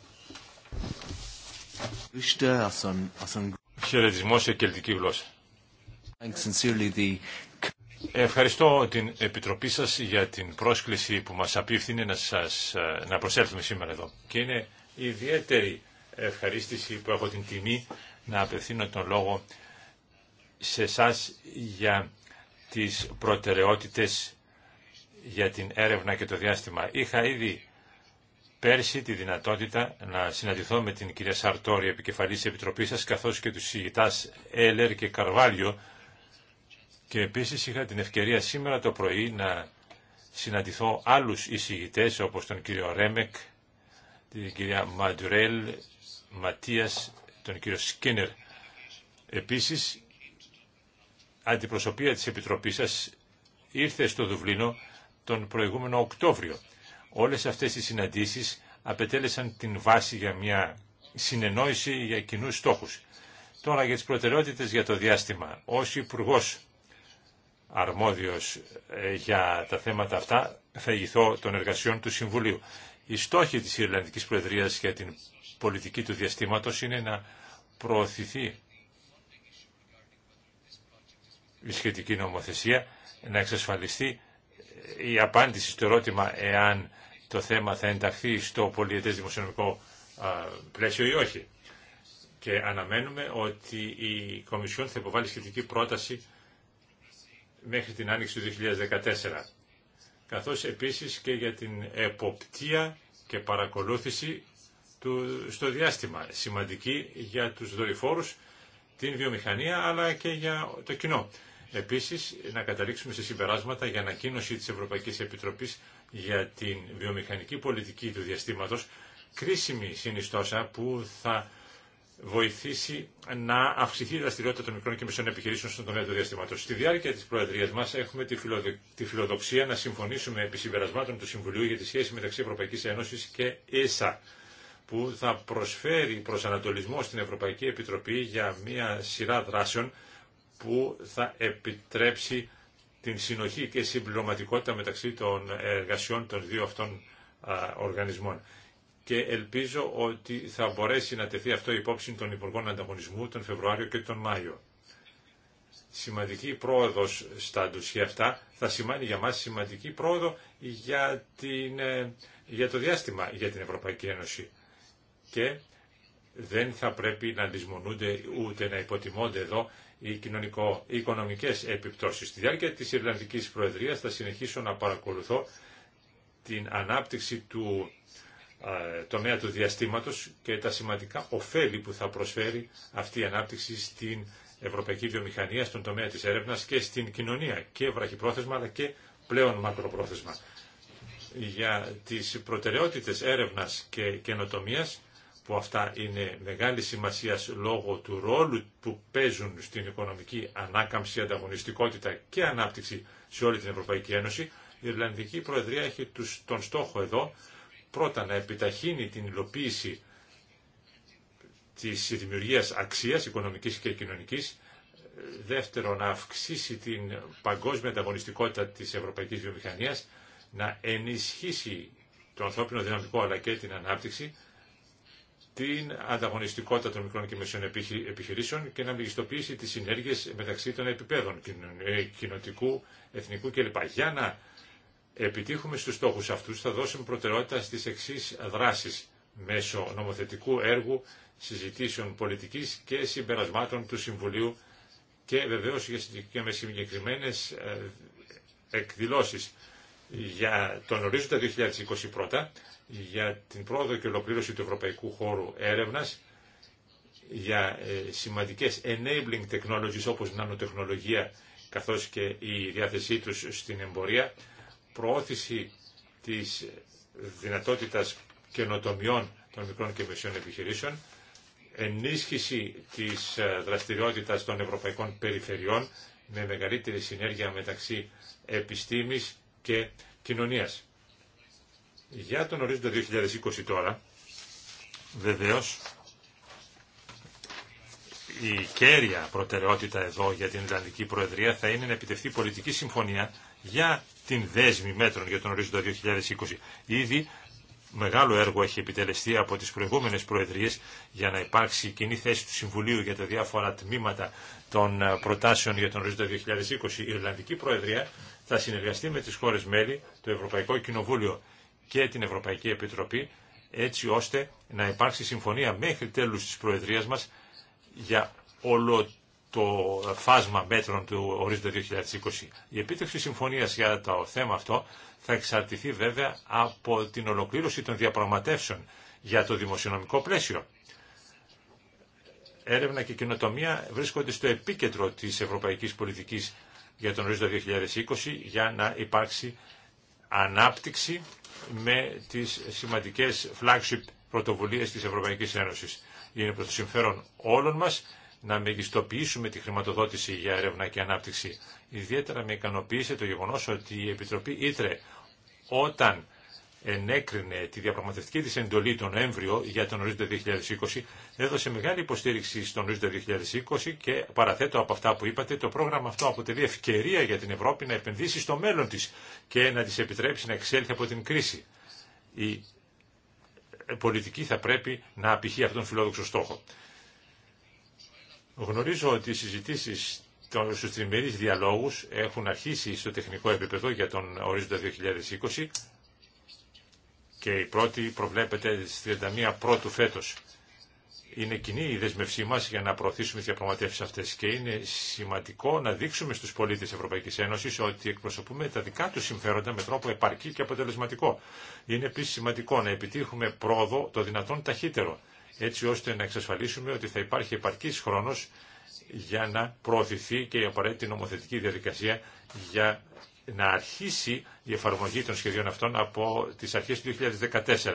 Χαιρετισμό σε κελτική γλώσσα. Ευχαριστώ την Επιτροπή σας για την πρόσκληση που μας απίφθηνε να, σας, ε, να προσέλθουμε σήμερα εδώ. Και είναι ιδιαίτερη ευχαρίστηση που έχω την τιμή να απευθύνω τον λόγο σε εσά για τις προτεραιότητες για την έρευνα και το διάστημα. Είχα ήδη πέρσι τη δυνατότητα να συναντηθώ με την κυρία Σαρτόρη, επικεφαλής της Επιτροπής σας, καθώς και τους συγητάς Έλερ και Καρβάλιο, και επίσης είχα την ευκαιρία σήμερα το πρωί να συναντηθώ άλλους εισηγητές όπως τον κύριο Ρέμεκ, την κυρία Μαντουρέλ, Ματίας, τον κύριο Σκίνερ. Επίσης, αντιπροσωπεία της Επιτροπής σας ήρθε στο Δουβλίνο τον προηγούμενο Οκτώβριο. Όλες αυτές οι συναντήσεις απαιτέλεσαν την βάση για μια συνεννόηση για κοινούς στόχους. Τώρα για τις προτεραιότητες για το διάστημα. Ως υπουργό αρμόδιος ε, για τα θέματα αυτά, θα ηγηθώ των εργασιών του Συμβουλίου. Η στόχη της Ιρλανδικής Προεδρίας για την πολιτική του διαστήματος είναι να προωθηθεί η σχετική νομοθεσία, να εξασφαλιστεί ε, η απάντηση στο ερώτημα εάν το θέμα θα ενταχθεί στο πολιετές δημοσιονομικό πλαίσιο ή όχι. Και αναμένουμε ότι η Κομισιόν θα υποβάλει σχετική πρόταση μέχρι την άνοιξη του 2014, καθώς επίσης και για την εποπτεία και παρακολούθηση του, στο διάστημα, σημαντική για τους δορυφόρους, την βιομηχανία αλλά και για το κοινό. Επίσης, να καταλήξουμε σε συμπεράσματα για ανακοίνωση της Ευρωπαϊκής Επιτροπής για την βιομηχανική πολιτική του διαστήματος, κρίσιμη συνιστόσα που θα βοηθήσει να αυξηθεί η δραστηριότητα των μικρών και μεσών επιχειρήσεων στον τομέα του διαστήματο. Στη διάρκεια τη Προεδρία μα έχουμε τη φιλοδοξία να συμφωνήσουμε επί συμπερασμάτων του Συμβουλίου για τη σχέση μεταξύ Ευρωπαϊκή Ένωση και ΕΣΑ, που θα προσφέρει προσανατολισμό στην Ευρωπαϊκή Επιτροπή για μια σειρά δράσεων που θα επιτρέψει την συνοχή και συμπληρωματικότητα μεταξύ των εργασιών των δύο αυτών οργανισμών και ελπίζω ότι θα μπορέσει να τεθεί αυτό υπόψη των Υπουργών Ανταγωνισμού τον Φεβρουάριο και τον Μάιο. Σημαντική πρόοδος στα ντουσία αυτά θα σημαίνει για μας σημαντική πρόοδο για, την, ε, για το διάστημα για την Ευρωπαϊκή Ένωση. Και δεν θα πρέπει να λησμονούνται ούτε να υποτιμώνται εδώ οι κοινωνικο-οικονομικές επιπτώσεις. Στη διάρκεια της Ιρλανδικής Προεδρίας θα συνεχίσω να παρακολουθώ την ανάπτυξη του ε, τομέα του διαστήματος και τα σημαντικά ωφέλη που θα προσφέρει αυτή η ανάπτυξη στην ευρωπαϊκή βιομηχανία, στον τομέα της έρευνας και στην κοινωνία και βραχυπρόθεσμα αλλά και πλέον μακροπρόθεσμα. Για τις προτεραιότητες έρευνας και καινοτομίας που αυτά είναι μεγάλη σημασία λόγω του ρόλου που παίζουν στην οικονομική ανάκαμψη, ανταγωνιστικότητα και ανάπτυξη σε όλη την Ευρωπαϊκή Ένωση, η Ιρλανδική Προεδρία έχει τον στόχο εδώ Πρώτα να επιταχύνει την υλοποίηση της δημιουργίας αξίας οικονομικής και κοινωνικής. Δεύτερο, να αυξήσει την παγκόσμια ανταγωνιστικότητα της ευρωπαϊκής βιομηχανίας, να ενισχύσει το ανθρώπινο δυναμικό αλλά και την ανάπτυξη, την ανταγωνιστικότητα των μικρών και μεσαίων επιχειρήσεων και να μεγιστοποιήσει τις συνέργειες μεταξύ των επιπέδων ε, κοινωτικού, εθνικού κλπ. Για να επιτύχουμε στους στόχους αυτούς θα δώσουμε προτεραιότητα στις εξής δράσεις μέσω νομοθετικού έργου, συζητήσεων πολιτικής και συμπερασμάτων του Συμβουλίου και βεβαίως και με συγκεκριμένε ε, εκδηλώσεις για τον ορίζοντα 2021 για την πρόοδο και ολοκλήρωση του Ευρωπαϊκού Χώρου Έρευνας, για ε, σημαντικές enabling technologies όπως νανοτεχνολογία καθώς και η διάθεσή τους στην εμπορία, προώθηση της δυνατότητας καινοτομιών των μικρών και μεσαίων επιχειρήσεων, ενίσχυση της ε, δραστηριότητας των ευρωπαϊκών περιφερειών με μεγαλύτερη συνέργεια μεταξύ επιστήμης και κοινωνίας. Για τον ορίζοντα 2020 τώρα, βεβαίως, η κέρια προτεραιότητα εδώ για την Ιρλανδική Προεδρία θα είναι να επιτευχθεί πολιτική συμφωνία για την δέσμη μέτρων για τον ορίζοντα 2020. Ήδη μεγάλο έργο έχει επιτελεστεί από τις προηγούμενες προεδρίες για να υπάρξει κοινή θέση του Συμβουλίου για τα διάφορα τμήματα των ε, προτάσεων για τον ορίζοντα 2020. Η Ιρλανδική Προεδρία θα συνεργαστεί με τις χώρες μέλη, το Ευρωπαϊκό Κοινοβούλιο και την Ευρωπαϊκή Επιτροπή έτσι ώστε να υπάρξει συμφωνία μέχρι τέλους της Προεδρίας μας για όλο το φάσμα μέτρων του ορίζοντα 2020. Η επίτευξη συμφωνίας για το θέμα αυτό θα εξαρτηθεί βέβαια από την ολοκλήρωση των διαπραγματεύσεων για το δημοσιονομικό πλαίσιο. Έρευνα και κοινοτομία βρίσκονται στο επίκεντρο της ευρωπαϊκής πολιτικής για τον ορίζοντα 2020 για να υπάρξει ανάπτυξη με τις σημαντικές flagship πρωτοβουλίες της Ευρωπαϊκής Είναι προς το συμφέρον όλων μας να μεγιστοποιήσουμε τη χρηματοδότηση για έρευνα και ανάπτυξη. Ιδιαίτερα με ικανοποίησε το γεγονός ότι η Επιτροπή Ήτρε όταν ενέκρινε τη διαπραγματευτική της εντολή τον Νοέμβριο για τον ορίζοντα 2020, έδωσε μεγάλη υποστήριξη στον ορίζοντα 2020 και παραθέτω από αυτά που είπατε, το πρόγραμμα αυτό αποτελεί ευκαιρία για την Ευρώπη να επενδύσει στο μέλλον της και να της επιτρέψει να εξέλθει από την κρίση. Η πολιτική θα πρέπει να απηχεί αυτόν τον φιλόδοξο στόχο. Γνωρίζω ότι οι συζητήσεις στου τριμερεί διαλόγου έχουν αρχίσει στο τεχνικό επίπεδο για τον ορίζοντα 2020 και η πρώτη προβλέπεται στι 31 πρώτου φέτο Είναι κοινή η δεσμευσή μα για να προωθήσουμε τι διαπραγματεύσει αυτέ και είναι σημαντικό να δείξουμε στους πολίτες Ευρωπαϊκής Ένωσης ότι εκπροσωπούμε τα δικά του συμφέροντα με τρόπο επαρκή και αποτελεσματικό. Είναι επίση σημαντικό να επιτύχουμε πρόοδο το δυνατόν ταχύτερο έτσι ώστε να εξασφαλίσουμε ότι θα υπάρχει επαρκής χρόνος για να προωθηθεί και η απαραίτητη νομοθετική διαδικασία για να αρχίσει η εφαρμογή των σχεδίων αυτών από τις αρχές του 2014.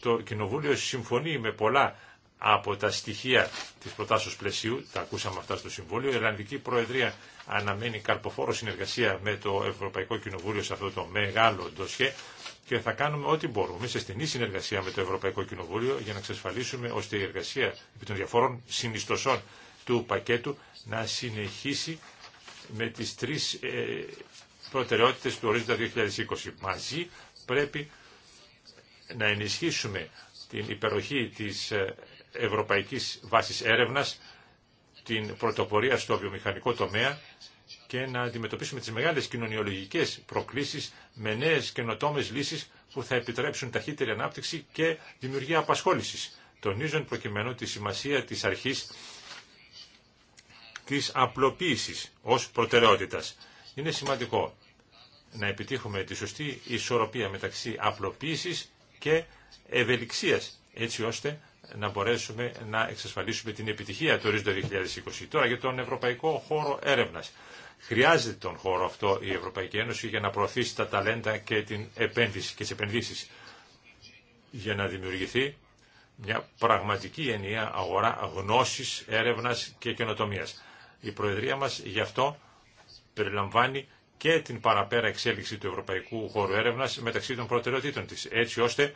Το Κοινοβούλιο συμφωνεί με πολλά από τα στοιχεία της προτάσεως πλαισίου, τα ακούσαμε αυτά στο Συμβούλιο, η Ελλανδική Προεδρία αναμένει καρποφόρο συνεργασία με το Ευρωπαϊκό Κοινοβούλιο σε αυτό το μεγάλο ντοσχέ, και θα κάνουμε ό,τι μπορούμε σε στενή συνεργασία με το Ευρωπαϊκό Κοινοβούλιο για να εξασφαλίσουμε ώστε η εργασία επί των διαφόρων συνιστοσών του πακέτου να συνεχίσει με τις τρεις προτεραιότητε προτεραιότητες του ορίζοντα 2020. Μαζί πρέπει να ενισχύσουμε την υπεροχή της ε, Ευρωπαϊκής Βάσης Έρευνας, την πρωτοπορία στο βιομηχανικό τομέα, και να αντιμετωπίσουμε τις μεγάλες κοινωνιολογικές προκλήσεις με νέες καινοτόμες λύσεις που θα επιτρέψουν ταχύτερη ανάπτυξη και δημιουργία απασχόλησης. Τονίζουν προκειμένου τη σημασία της αρχής της απλοποίησης ως προτεραιότητας. Είναι σημαντικό να επιτύχουμε τη σωστή ισορροπία μεταξύ απλοποίησης και ευελιξίας, έτσι ώστε να μπορέσουμε να εξασφαλίσουμε την επιτυχία του ορίζοντα 2020. Τώρα για τον Ευρωπαϊκό Χώρο Έρευνας. Χρειάζεται τον χώρο αυτό η Ευρωπαϊκή Ένωση για να προωθήσει τα ταλέντα και την επένδυση και τις επενδύσεις για να δημιουργηθεί μια πραγματική ενιαία αγορά γνώσης, έρευνας και καινοτομίας. Η Προεδρία μας γι' αυτό περιλαμβάνει και την παραπέρα εξέλιξη του Ευρωπαϊκού Χώρου Έρευνας μεταξύ των προτεραιοτήτων της, έτσι ώστε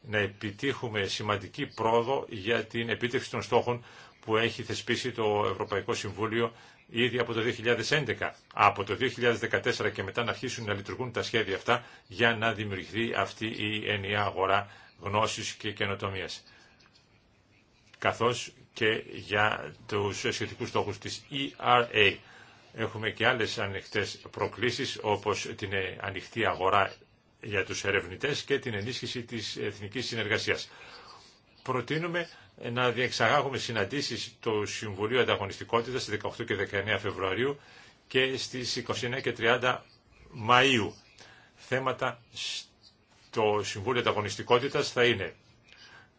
να επιτύχουμε σημαντική πρόοδο για την επίτευξη των στόχων που έχει θεσπίσει το Ευρωπαϊκό Συμβούλιο ήδη από το 2011. Από το 2014 και μετά να αρχίσουν να λειτουργούν τα σχέδια αυτά για να δημιουργηθεί αυτή η ενιαία αγορά γνώσης και καινοτομίας. Καθώς και για τους σχετικούς στόχους της ERA. Έχουμε και άλλες ανοιχτές προκλήσεις όπως την ανοιχτή αγορά για τους ερευνητές και την ενίσχυση της εθνικής συνεργασίας. Προτείνουμε να διεξαγάγουμε συναντήσεις το Συμβουλίου Ανταγωνιστικότητας στις 18 και 19 Φεβρουαρίου και στις 29 και 30 Μαΐου. Θέματα στο Συμβούλιο Ανταγωνιστικότητας θα είναι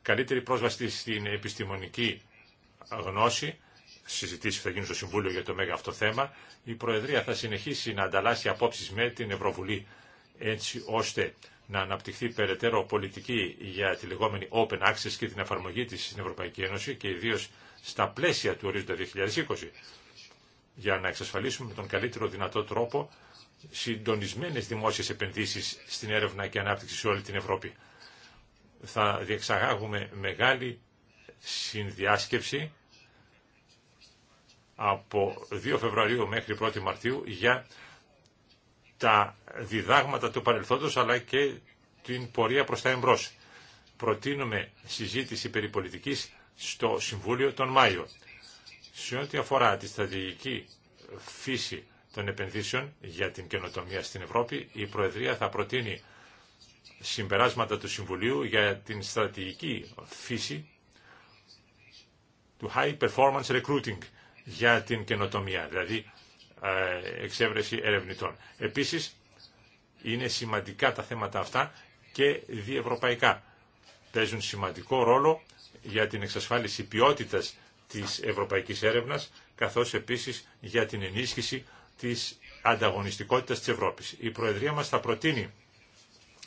καλύτερη πρόσβαση στην επιστημονική γνώση, συζητήσεις θα γίνουν στο Συμβούλιο για το μέγα αυτό θέμα. Η Προεδρία θα συνεχίσει να ανταλλάσσει απόψεις με την Ευρωβουλή έτσι ώστε να αναπτυχθεί περαιτέρω πολιτική για τη λεγόμενη open access και την εφαρμογή της στην Ευρωπαϊκή Ένωση και ιδίως στα πλαίσια του ορίζοντα 2020 για να εξασφαλίσουμε τον καλύτερο δυνατό τρόπο συντονισμένες δημόσιες επενδύσεις στην έρευνα και ανάπτυξη σε όλη την Ευρώπη. Θα διεξαγάγουμε μεγάλη συνδιάσκεψη από 2 Φεβρουαρίου μέχρι 1 Μαρτίου για τα διδάγματα του παρελθόντος αλλά και την πορεία προς τα εμπρός. Προτείνουμε συζήτηση περί πολιτικής στο Συμβούλιο τον Μάιο. Σε ό,τι αφορά τη στρατηγική φύση των επενδύσεων για την καινοτομία στην Ευρώπη, η Προεδρία θα προτείνει συμπεράσματα του Συμβουλίου για την στρατηγική φύση του High Performance Recruiting για την καινοτομία, δηλαδή ε, εξέβρεση ερευνητών. Επίσης, είναι σημαντικά τα θέματα αυτά και διευρωπαϊκά. Παίζουν σημαντικό ρόλο για την εξασφάλιση ποιότητας της ευρωπαϊκής έρευνας, καθώς επίσης για την ενίσχυση της ανταγωνιστικότητας της Ευρώπης. Η Προεδρία μας θα προτείνει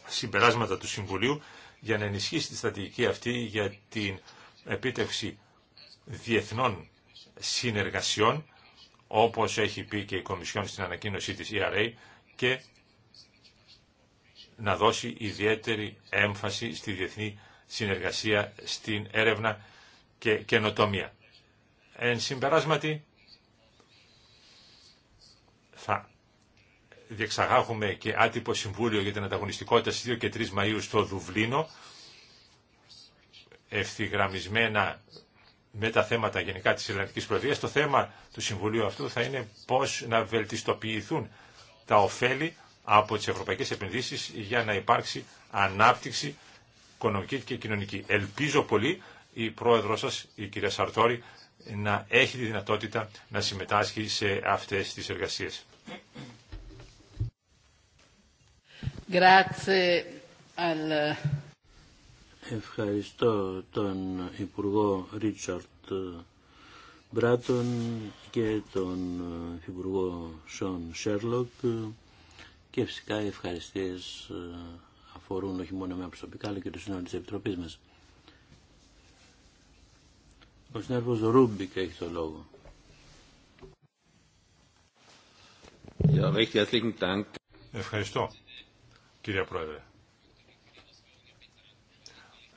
συμπεράσματα του Συμβουλίου για να ενισχύσει τη στρατηγική αυτή για την επίτευξη διεθνών συνεργασιών όπως έχει πει και η Κομισιόν στην ανακοίνωσή της ERA και να δώσει ιδιαίτερη έμφαση στη διεθνή συνεργασία στην έρευνα και καινοτομία. Εν συμπεράσματι, θα διεξαγάγουμε και άτυπο συμβούλιο για την ανταγωνιστικότητα στις 2 και 3 Μαΐου στο Δουβλίνο, ευθυγραμμισμένα με τα θέματα γενικά της ελληνικής Προεδρίας. Το θέμα του Συμβουλίου αυτού θα είναι πώς να βελτιστοποιηθούν τα ωφέλη από τις ευρωπαϊκές επενδύσεις για να υπάρξει ανάπτυξη οικονομική και κοινωνική. Ελπίζω πολύ η πρόεδρος σας, η κυρία Σαρτόρη, να έχει τη δυνατότητα να συμμετάσχει σε αυτές τις εργασίες. Ευχαριστώ τον Υπουργό Ρίτσαρτ Μπράτον και τον Υπουργό Σον Σέρλοκ και φυσικά οι ευχαριστίες αφορούν όχι μόνο εμένα προσωπικά αλλά και το σύνολο της Επιτροπής μας. Ο συνάδελφος Ρούμπικ έχει το λόγο. Ευχαριστώ κύριε Πρόεδρε.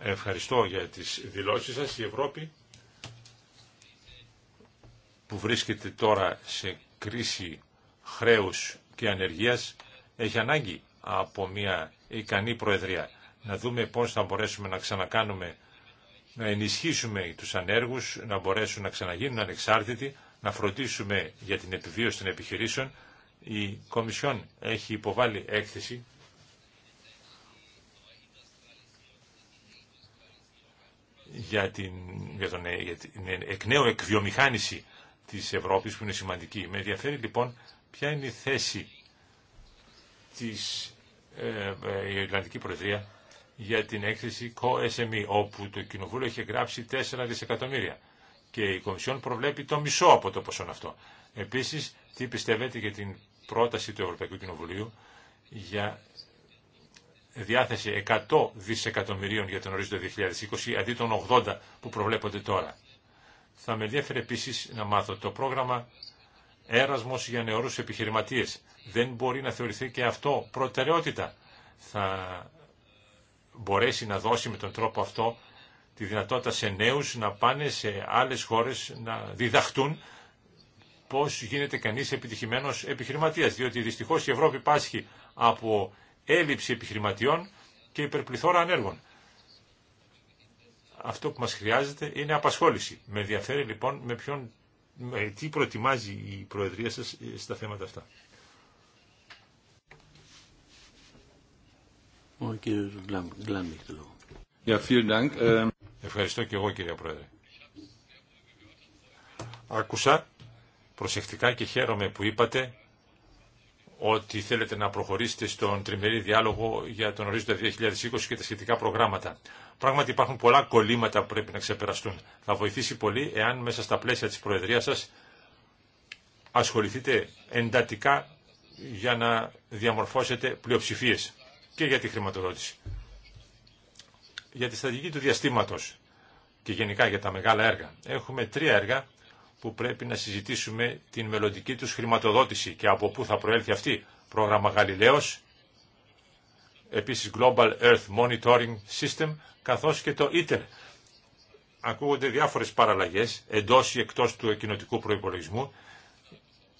Ευχαριστώ για τις δηλώσεις σας. Η Ευρώπη που βρίσκεται τώρα σε κρίση χρέους και ανεργίας έχει ανάγκη από μια ικανή προεδρία. Να δούμε πώς θα μπορέσουμε να ξανακάνουμε, να ενισχύσουμε τους ανέργους, να μπορέσουν να ξαναγίνουν ανεξάρτητοι, να φροντίσουμε για την επιβίωση των επιχειρήσεων. Η Κομισιόν έχει υποβάλει έκθεση για την, για τον, για την εκ νέου εκβιομηχάνηση της Ευρώπης που είναι σημαντική. Με ενδιαφέρει λοιπόν ποια είναι η θέση της ε, ε, Ιρλανδική Προεδρία για την έκθεση COSME όπου το Κοινοβούλιο έχει γράψει 4 δισεκατομμύρια και η Κομισιόν προβλέπει το μισό από το ποσό αυτό. Επίσης, τι πιστεύετε για την πρόταση του Ευρωπαϊκού Κοινοβουλίου για διάθεση 100 δισεκατομμυρίων για τον ορίζοντα 2020 αντί των 80 που προβλέπονται τώρα. Θα με ενδιαφέρει επίση να μάθω το πρόγραμμα Έρασμο για νεώρου επιχειρηματίες. Δεν μπορεί να θεωρηθεί και αυτό προτεραιότητα. Θα μπορέσει να δώσει με τον τρόπο αυτό τη δυνατότητα σε νέους να πάνε σε άλλες χώρες να διδαχτούν πώς γίνεται κανείς επιτυχημένος επιχειρηματίας. Διότι δυστυχώς η Ευρώπη πάσχει από έλλειψη επιχειρηματιών και υπερπληθώρα ανέργων. Αυτό που μας χρειάζεται είναι απασχόληση. Με ενδιαφέρει λοιπόν με ποιον, με τι προετοιμάζει η Προεδρία σας ε, στα θέματα αυτά. Ähm, Ευχαριστώ και εγώ κύριε Πρόεδρε. Άκουσα προσεκτικά και χαίρομαι που είπατε ότι θέλετε να προχωρήσετε στον τριμερή διάλογο για τον ορίζοντα 2020 και τα σχετικά προγράμματα. Πράγματι υπάρχουν πολλά κολλήματα που πρέπει να ξεπεραστούν. Θα βοηθήσει πολύ εάν μέσα στα πλαίσια της Προεδρίας σας ασχοληθείτε εντατικά για να διαμορφώσετε πλειοψηφίες και για τη χρηματοδότηση. Για τη στρατηγική του διαστήματος και γενικά για τα μεγάλα έργα. Έχουμε τρία έργα που πρέπει να συζητήσουμε την μελλοντική τους χρηματοδότηση και από πού θα προέλθει αυτή. Πρόγραμμα Γαλιλαίος, επίσης Global Earth Monitoring System, καθώς και το ITER. Ακούγονται διάφορες παραλλαγές εντός ή εκτός του κοινοτικού προϋπολογισμού.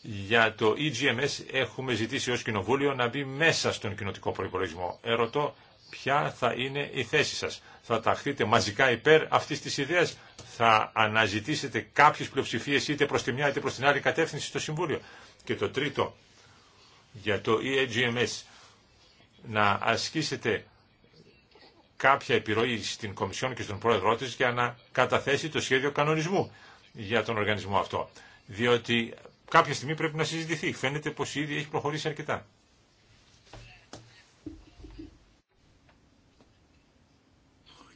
Για το EGMS έχουμε ζητήσει ως Κοινοβούλιο να μπει μέσα στον κοινοτικό προϋπολογισμό. Ερωτώ ποια θα είναι η θέση σας. Θα ταχθείτε μαζικά υπέρ αυτής της ιδέας, θα αναζητήσετε κάποιες πλειοψηφίες είτε προς τη μια είτε προς την άλλη κατεύθυνση στο Συμβούλιο. Και το τρίτο, για το EAGMS, να ασκήσετε κάποια επιρροή στην Κομισιόν και στον Πρόεδρό της για να καταθέσει το σχέδιο κανονισμού για τον οργανισμό αυτό. Διότι κάποια στιγμή πρέπει να συζητηθεί. Φαίνεται πως ήδη έχει προχωρήσει αρκετά.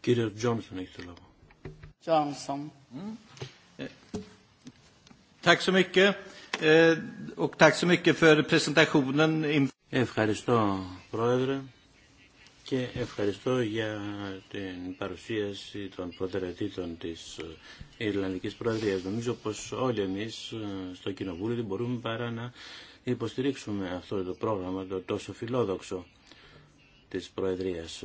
έχει το λόγο. Ευχαριστώ Πρόεδρε και ευχαριστώ για την παρουσίαση των προτεραιτήτων της ε, Ιρλανδικής Προεδρίας. Νομίζω πως όλοι εμείς ε, στο Κοινοβούλιο δεν μπορούμε παρά να υποστηρίξουμε αυτό το πρόγραμμα το τόσο φιλόδοξο της Προεδρίας.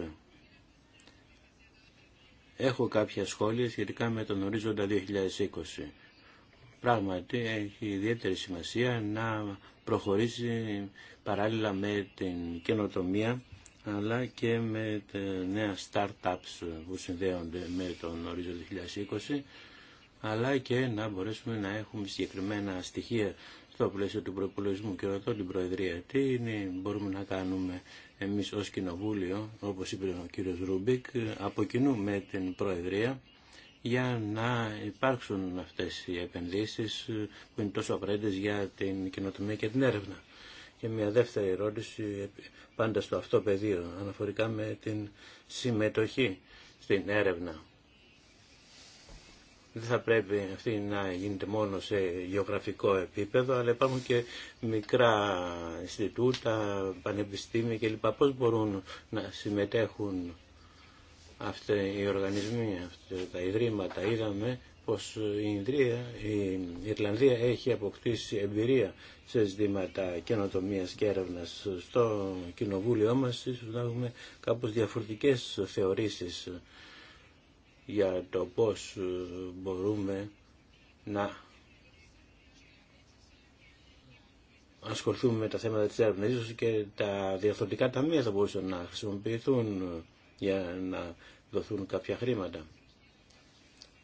Έχω κάποια σχόλια σχετικά με τον ορίζοντα 2020. Πράγματι έχει ιδιαίτερη σημασία να προχωρήσει παράλληλα με την καινοτομία αλλά και με τα νέα startups που συνδέονται με τον ορίζοντα 2020 αλλά και να μπορέσουμε να έχουμε συγκεκριμένα στοιχεία στο πλαίσιο του προπολογισμού και ρωτώ την Προεδρία τι μπορούμε να κάνουμε εμείς ως Κοινοβούλιο, όπως είπε ο κύριος Ρούμπικ, αποκοινούμε την Προεδρία για να υπάρξουν αυτές οι επενδύσεις που είναι τόσο απαραίτητες για την κοινοτομία και την έρευνα. Και μια δεύτερη ερώτηση πάντα στο αυτό πεδίο αναφορικά με την συμμετοχή στην έρευνα δεν θα πρέπει αυτή να γίνεται μόνο σε γεωγραφικό επίπεδο, αλλά υπάρχουν και μικρά Ινστιτούτα, πανεπιστήμια κλπ. Πώ μπορούν να συμμετέχουν αυτοί οι οργανισμοί, αυτά τα ιδρύματα. Είδαμε πως η, η Ιρλανδία έχει αποκτήσει εμπειρία σε ζητήματα καινοτομία και έρευνα. Στο κοινοβούλιο μα ίσως να έχουμε κάπω διαφορετικέ θεωρήσει για το πώς ε, μπορούμε να ασχοληθούμε με τα θέματα της έρευνας. Ίσως και τα διορθωτικά ταμεία θα μπορούσαν να χρησιμοποιηθούν ε, για να δοθούν κάποια χρήματα.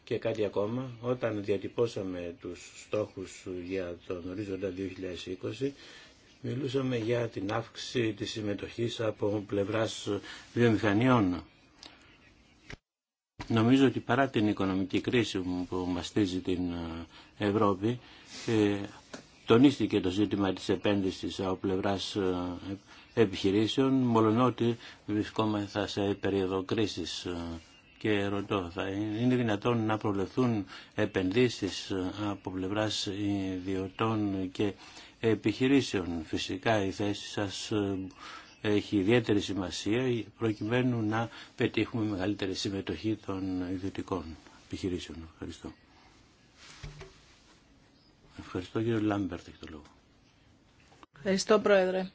Και κάτι ακόμα, όταν διατυπώσαμε τους στόχους για τον ορίζοντα 2020, μιλούσαμε για την αύξηση της συμμετοχής από πλευράς βιομηχανιών. Νομίζω ότι παρά την οικονομική κρίση που μαστίζει την ε, Ευρώπη, ε, τονίστηκε το ζήτημα της επένδυσης από πλευράς ε, επιχειρήσεων, ότι βρισκόμαστε σε περίοδο κρίσης και ρωτώ, θα είναι δυνατόν να προβλεφθούν επενδύσεις από πλευράς ιδιωτών και επιχειρήσεων. Φυσικά η θέση σας έχει ιδιαίτερη σημασία προκειμένου να πετύχουμε μεγαλύτερη συμμετοχή των ιδιωτικών επιχειρήσεων. Ευχαριστώ. Ευχαριστώ κύριο Λάμπερτ έχει το λόγο. Ευχαριστώ Πρόεδρε.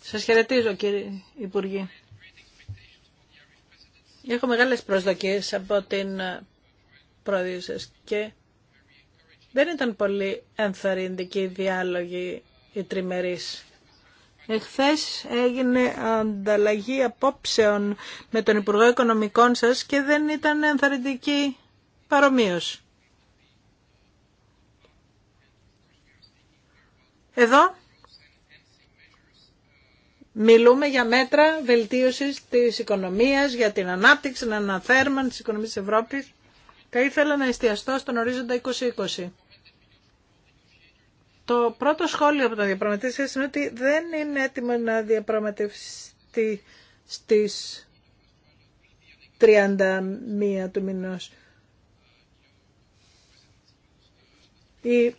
Σας χαιρετίζω κύριε Υπουργή. Έχω μεγάλες προσδοκίες από την πρόεδρε σας και δεν ήταν πολύ ενθαρρυντική η διάλογοι η τριμερείς. Εχθές έγινε ανταλλαγή απόψεων με τον Υπουργό Οικονομικών σας και δεν ήταν ενθαρρυντική παρομοίως. Εδώ μιλούμε για μέτρα βελτίωσης της οικονομίας, για την ανάπτυξη, την αναθέρμανση της οικονομίας της Ευρώπης. Θα ήθελα να εστιαστώ στον ορίζοντα 2020. Το πρώτο σχόλιο από τα διαπραγματεύσεις είναι ότι δεν είναι έτοιμο να διαπραγματευτεί στις 31 του μηνός. Η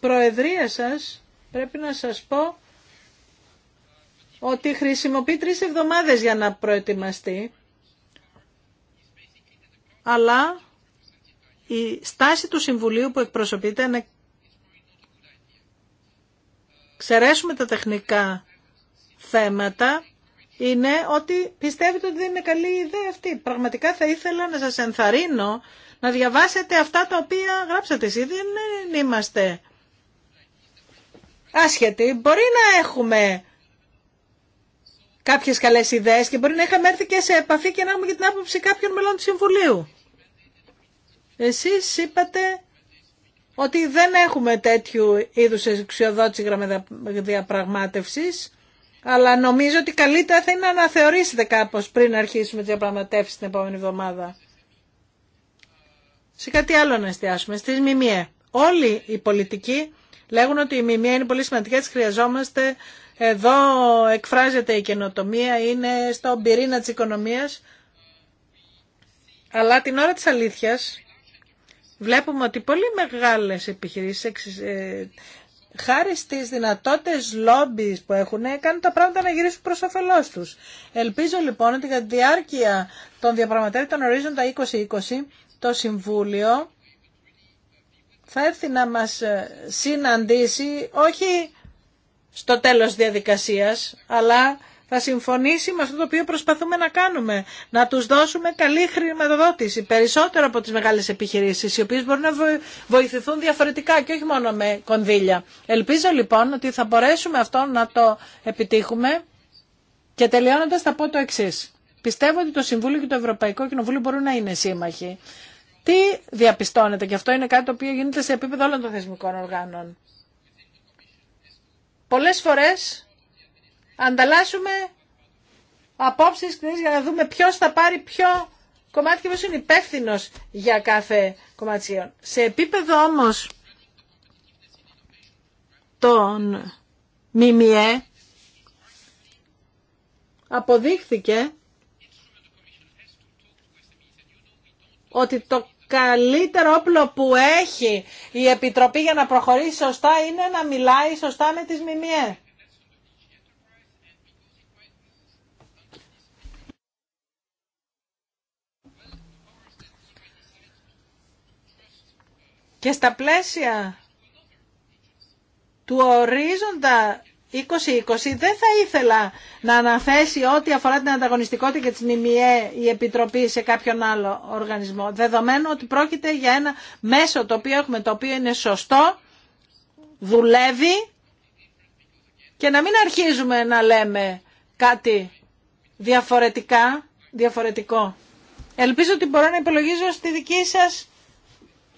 προεδρία σας, πρέπει να σας πω, ότι χρησιμοποιεί τρεις εβδομάδες για να προετοιμαστεί, αλλά η στάση του Συμβουλίου που εκπροσωπείται είναι ξερέσουμε τα τεχνικά θέματα είναι ότι πιστεύετε ότι δεν είναι καλή ιδέα αυτή. Πραγματικά θα ήθελα να σας ενθαρρύνω να διαβάσετε αυτά τα οποία γράψατε εσείς. Δεν είμαστε άσχετοι. Μπορεί να έχουμε κάποιες καλές ιδέες και μπορεί να είχαμε έρθει και σε επαφή και να έχουμε και την άποψη κάποιων μελών του Συμβουλίου. Εσείς είπατε ότι δεν έχουμε τέτοιου είδους εξουσιοδότηση διαπραγματεύση, αλλά νομίζω ότι καλύτερα θα είναι να αναθεωρήσετε κάπως πριν αρχίσουμε τις διαπραγματεύσεις την επόμενη εβδομάδα. Σε κάτι άλλο να εστιάσουμε, στις ΜΜΕ. Όλοι οι πολιτικοί λέγουν ότι η ΜΜΕ είναι πολύ έτσι χρειαζόμαστε, εδώ εκφράζεται η καινοτομία, είναι στον πυρήνα της οικονομίας. Αλλά την ώρα της αλήθειας βλέπουμε ότι πολύ μεγάλες επιχειρήσεις ε, χάρη στις δυνατότητες λόμπι που έχουν κάνουν τα πράγματα να γυρίσουν προς όφελός τους. Ελπίζω λοιπόν ότι κατά τη διάρκεια των διαπραγματεύτων ορίζοντα 2020 το Συμβούλιο θα έρθει να μας ε, συναντήσει όχι στο τέλος διαδικασίας αλλά θα συμφωνήσει με αυτό το οποίο προσπαθούμε να κάνουμε. Να τους δώσουμε καλή χρηματοδότηση, περισσότερο από τις μεγάλες επιχειρήσεις, οι οποίες μπορούν να βοηθηθούν διαφορετικά και όχι μόνο με κονδύλια. Ελπίζω λοιπόν ότι θα μπορέσουμε αυτό να το επιτύχουμε και τελειώνοντας θα πω το εξή. Πιστεύω ότι το Συμβούλιο και το Ευρωπαϊκό Κοινοβούλιο μπορούν να είναι σύμμαχοι. Τι διαπιστώνετε και αυτό είναι κάτι το οποίο γίνεται σε επίπεδο όλων των θεσμικών οργάνων. Πολλές φορές ανταλλάσσουμε απόψεις για να δούμε ποιος θα πάρει ποιο κομμάτι και ποιος είναι υπεύθυνο για κάθε κομματιόν. Σε επίπεδο όμως των ΜΜΕ αποδείχθηκε ότι το καλύτερο όπλο που έχει η Επιτροπή για να προχωρήσει σωστά είναι να μιλάει σωστά με τις ΜΜΕ. Και στα πλαίσια του ορίζοντα 2020 δεν θα ήθελα να αναθέσει ό,τι αφορά την ανταγωνιστικότητα και τις ΜΜΕ η Επιτροπή σε κάποιον άλλο οργανισμό. Δεδομένου ότι πρόκειται για ένα μέσο το οποίο έχουμε, το οποίο είναι σωστό, δουλεύει και να μην αρχίζουμε να λέμε κάτι διαφορετικά, διαφορετικό. Ελπίζω ότι μπορώ να υπολογίζω στη δική σας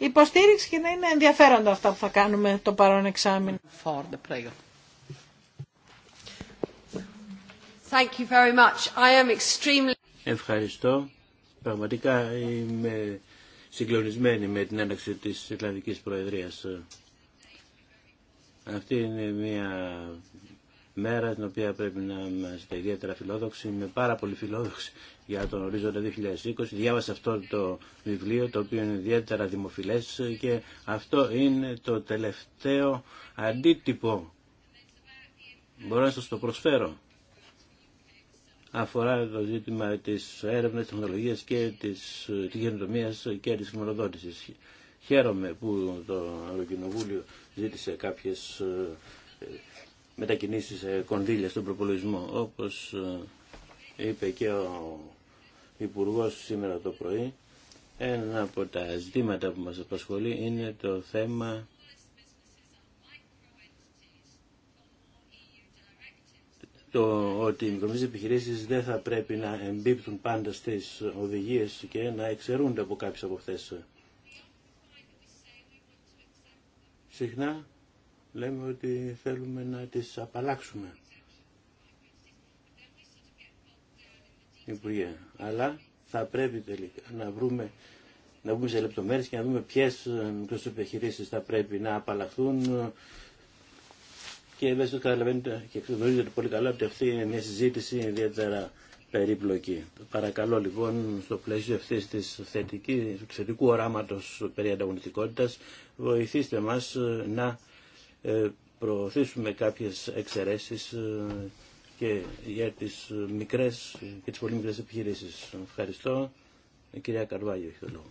υποστήριξη και να είναι ενδιαφέροντα αυτά που θα κάνουμε το παρόν εξάμεινο. Ευχαριστώ. Πραγματικά είμαι συγκλονισμένη με την ένταξη της Ιρλανδικής Προεδρίας. Αυτή είναι μια μέρα την οποία πρέπει να είμαστε ιδιαίτερα φιλόδοξοι. Είμαι πάρα πολύ φιλόδοξη για τον ορίζοντα 2020. Διάβασα αυτό το βιβλίο το οποίο είναι ιδιαίτερα δημοφιλές και αυτό είναι το τελευταίο αντίτυπο. Μπορώ να σας το προσφέρω. Αφορά το ζήτημα της έρευνας, τεχνολογίας και της, της και της χρηματοδότησης. Χαίρομαι που το Ευρωκοινοβούλιο ζήτησε κάποιες ε, μετακινήσει σε κονδύλια στον προπολογισμό. Όπως ε, είπε και ο Υπουργό σήμερα το πρωί, ένα από τα ζητήματα που μας απασχολεί είναι το θέμα το ότι οι μικρομεσαίες επιχειρήσεις δεν θα πρέπει να εμπίπτουν πάντα στις οδηγίες και να εξαιρούνται από κάποιες από αυτές. Συχνά λέμε ότι θέλουμε να τις απαλλάξουμε. Υπουργέ. Αλλά θα πρέπει τελικά να βρούμε να μπούμε σε λεπτομέρειες και να δούμε ποιες ε, μικρές θα πρέπει να απαλλαχθούν και βέβαια καταλαβαίνετε και γνωρίζετε πολύ καλά ότι αυτή είναι μια συζήτηση ιδιαίτερα περίπλοκη. Παρακαλώ λοιπόν στο πλαίσιο αυτή τη θετική, θετικού οράματο περί ανταγωνιστικότητας βοηθήστε μας ε, να ε, προωθήσουμε κάποιες εξαιρέσεις ε, και για τις μικρές και τις πολύ μικρές επιχειρήσεις. Ευχαριστώ. κυρία Καρβάγιο έχει το λόγο.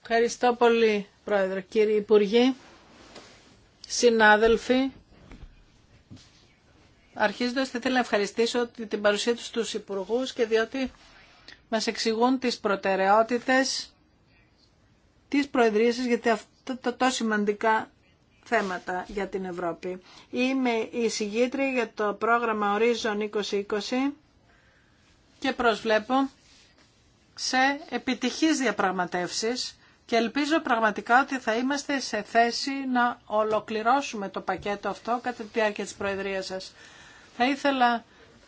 Ευχαριστώ πολύ, Πρόεδρε. Κύριε Υπουργοί, συνάδελφοι, αρχίζοντας θα ήθελα να ευχαριστήσω την παρουσία τους στους Υπουργούς και διότι μας εξηγούν τις προτεραιότητες τις Προεδρίες γιατί αυτά τα τόσο σημαντικά θέματα για την Ευρώπη. Είμαι η συγγήτρη για το πρόγραμμα Horizon 2020 και προσβλέπω σε επιτυχείς διαπραγματεύσεις και ελπίζω πραγματικά ότι θα είμαστε σε θέση να ολοκληρώσουμε το πακέτο αυτό κατά τη διάρκεια της Προεδρίας σας. Θα ήθελα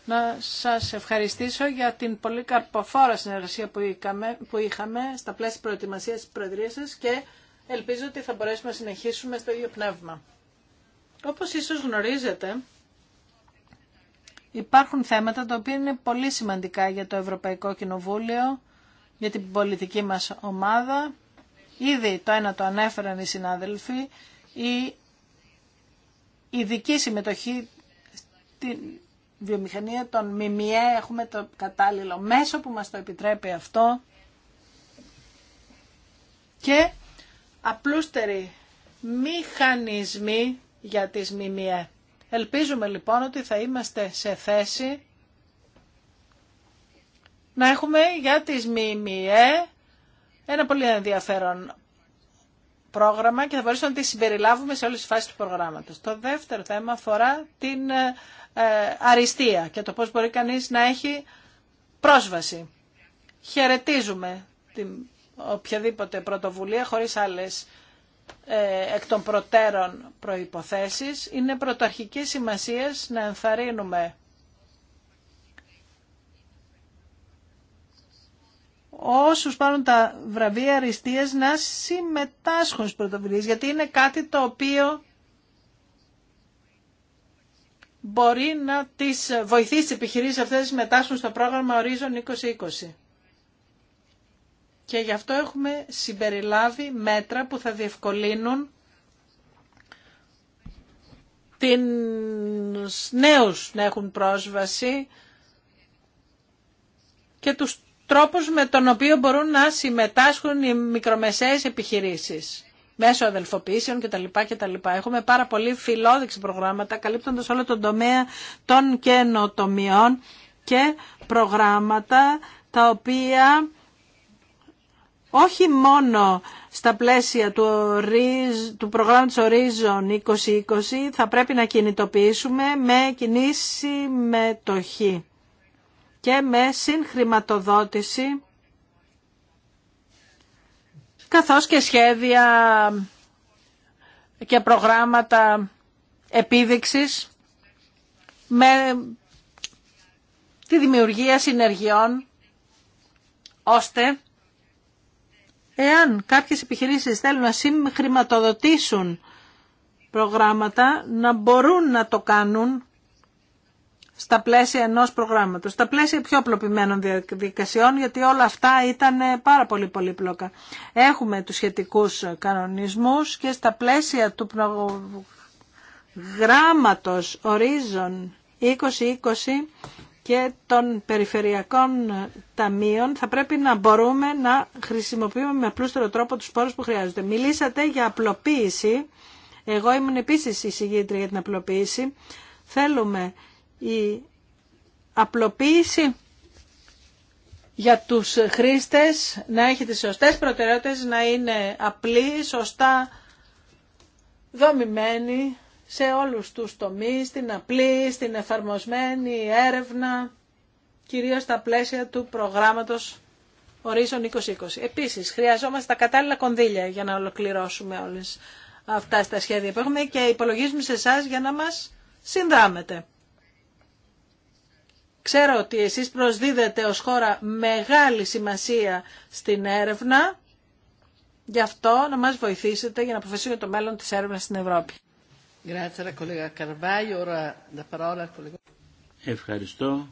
να σας ευχαριστήσω για την πολύ καρποφόρα συνεργασία που είχαμε στα πλαίσια προετοιμασίας της Προεδρίας σας και ελπίζω ότι θα μπορέσουμε να συνεχίσουμε στο ίδιο πνεύμα. Όπως ίσως γνωρίζετε, υπάρχουν θέματα τα οποία είναι πολύ σημαντικά για το Ευρωπαϊκό Κοινοβούλιο, για την πολιτική μας ομάδα. Ήδη το ένα το ανέφεραν οι συνάδελφοι, η ειδική συμμετοχή βιομηχανία των ΜΜΕ έχουμε το κατάλληλο μέσο που μας το επιτρέπει αυτό και απλούστεροι μηχανισμοί για τις ΜΜΕ. Ελπίζουμε λοιπόν ότι θα είμαστε σε θέση να έχουμε για τις ΜΜΕ ένα πολύ ενδιαφέρον πρόγραμμα και θα μπορέσουμε να τη συμπεριλάβουμε σε όλες τις φάσεις του προγράμματος. Το δεύτερο θέμα αφορά την ε, ε, αριστεία και το πώς μπορεί κανείς να έχει πρόσβαση. Χαιρετίζουμε την οποιαδήποτε πρωτοβουλία χωρίς άλλες ε, εκ των προτέρων προϋποθέσεις. Είναι πρωταρχική σημασία να ενθαρρύνουμε όσους πάρουν τα βραβεία αριστείας να συμμετάσχουν στις πρωτοβουλίες, γιατί είναι κάτι το οποίο μπορεί να τις βοηθήσει τις επιχειρήσεις αυτές να συμμετάσχουν στο πρόγραμμα Horizon 2020. Και γι' αυτό έχουμε συμπεριλάβει μέτρα που θα διευκολύνουν την νέους να έχουν πρόσβαση και τους τρόπους με τον οποίο μπορούν να συμμετάσχουν οι μικρομεσαίες επιχειρήσεις μέσω αδελφοποιήσεων κτλ. κτλ. Έχουμε πάρα πολύ φιλόδεξη προγράμματα καλύπτοντας όλο τον τομέα των καινοτομιών και προγράμματα τα οποία όχι μόνο στα πλαίσια του, ορίζ, του προγράμματος Horizon 2020 θα πρέπει να κινητοποιήσουμε με κοινή συμμετοχή και με συγχρηματοδότηση καθώς και σχέδια και προγράμματα επίδειξης με τη δημιουργία συνεργειών ώστε εάν κάποιες επιχειρήσεις θέλουν να συγχρηματοδοτήσουν προγράμματα να μπορούν να το κάνουν στα πλαίσια ενός προγράμματος, στα πλαίσια πιο απλοποιημένων διαδικασιών, γιατί όλα αυτά ήταν πάρα πολύ πολύπλοκα. Έχουμε τους σχετικούς κανονισμούς και στα πλαίσια του γράμματος ορίζων 2020 και των περιφερειακών ταμείων θα πρέπει να μπορούμε να χρησιμοποιούμε με απλούστερο τρόπο τους πόρους που χρειάζονται. Μιλήσατε για απλοποίηση. Εγώ ήμουν επίσης εισηγήτρια για την απλοποίηση. Θέλουμε η απλοποίηση για τους χρήστες να έχει τις σωστές προτεραιότητες, να είναι απλή, σωστά δομημένη σε όλους τους τομείς, την απλή, στην εφαρμοσμένη έρευνα, κυρίως στα πλαίσια του προγράμματος Ορίζον 2020. Επίσης, χρειαζόμαστε τα κατάλληλα κονδύλια για να ολοκληρώσουμε όλες αυτά τα σχέδια που έχουμε και υπολογίζουμε σε εσά για να μας συνδράμετε. Ξέρω ότι εσείς προσδίδετε ως χώρα μεγάλη σημασία στην έρευνα. Γι' αυτό να μας βοηθήσετε για να αποφασίσουμε το μέλλον της έρευνας στην Ευρώπη. Ευχαριστώ.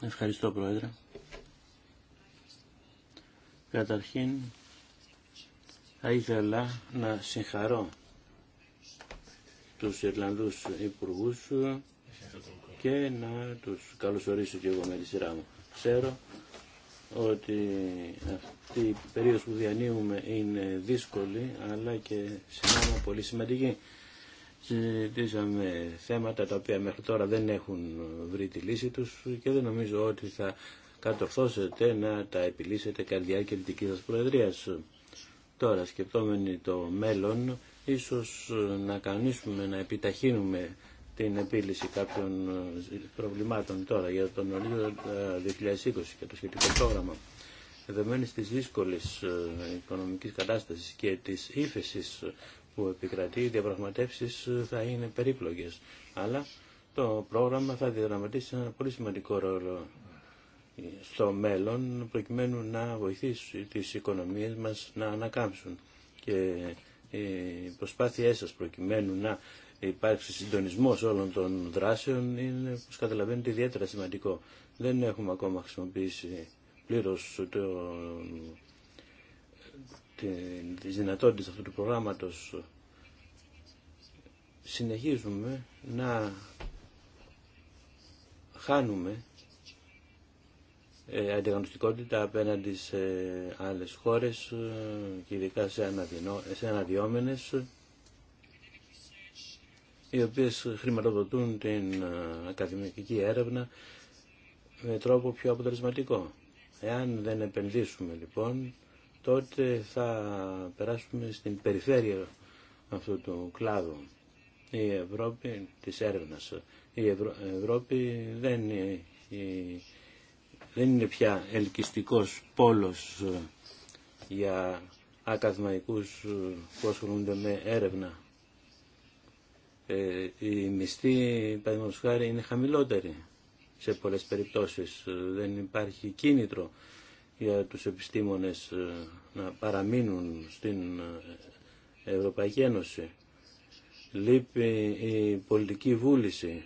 Ευχαριστώ, Πρόεδρε. Καταρχήν, θα ήθελα να συγχαρώ τους Ιρλανδούς υπουργούς και να τους καλωσορίσω και εγώ με τη σειρά μου. Ξέρω ότι αυτή η περίοδος που διανύουμε είναι δύσκολη αλλά και συνάμα πολύ σημαντική. Συζητήσαμε θέματα τα οποία μέχρι τώρα δεν έχουν βρει τη λύση τους και δεν νομίζω ότι θα κατορθώσετε να τα επιλύσετε καρδιά και δική της προεδρίας. Τώρα σκεπτόμενοι το μέλλον ίσως ε, να κανονίσουμε, να επιταχύνουμε την επίλυση κάποιων ε, προβλημάτων τώρα για τον ορίζοντα 2020 ε, και το σχετικό πρόγραμμα. Δεδομένη τη δύσκολη οικονομική κατάσταση και τη ύφεση που επικρατεί, οι διαπραγματεύσει θα είναι περίπλοκε. Αλλά το πρόγραμμα θα διαδραματίσει ένα πολύ σημαντικό ρόλο στο μέλλον προκειμένου να βοηθήσει τις οικονομίες μας να ανακάμψουν. Και οι προσπάθειές σας προκειμένου να υπάρξει συντονισμός όλων των δράσεων είναι, όπως καταλαβαίνετε, ιδιαίτερα σημαντικό. Δεν έχουμε ακόμα χρησιμοποιήσει πλήρως το, τις δυνατότητες αυτού του προγράμματος. Συνεχίζουμε να χάνουμε ε, αντιγνωστικότητα απέναντι σε άλλες χώρες ε, και ειδικά σε, αναδυνο, σε οι οποίες χρηματοδοτούν την ε, ακαδημαϊκή έρευνα με τρόπο πιο αποτελεσματικό. Εάν δεν επενδύσουμε λοιπόν, τότε θα περάσουμε στην περιφέρεια αυτού του κλάδου. Η Ευρώπη της έρευνας. Η Ευρώπη δεν η δεν είναι πια ελκυστικός πόλος ε, για ακαδημαϊκούς ε, που ασχολούνται με έρευνα. Ε, οι μισθοί, παραδείγματος χάρη, είναι χαμηλότεροι σε πολλές περιπτώσεις. Ε, δεν υπάρχει κίνητρο για τους επιστήμονες να παραμείνουν στην Ευρωπαϊκή Ένωση. Λείπει η πολιτική βούληση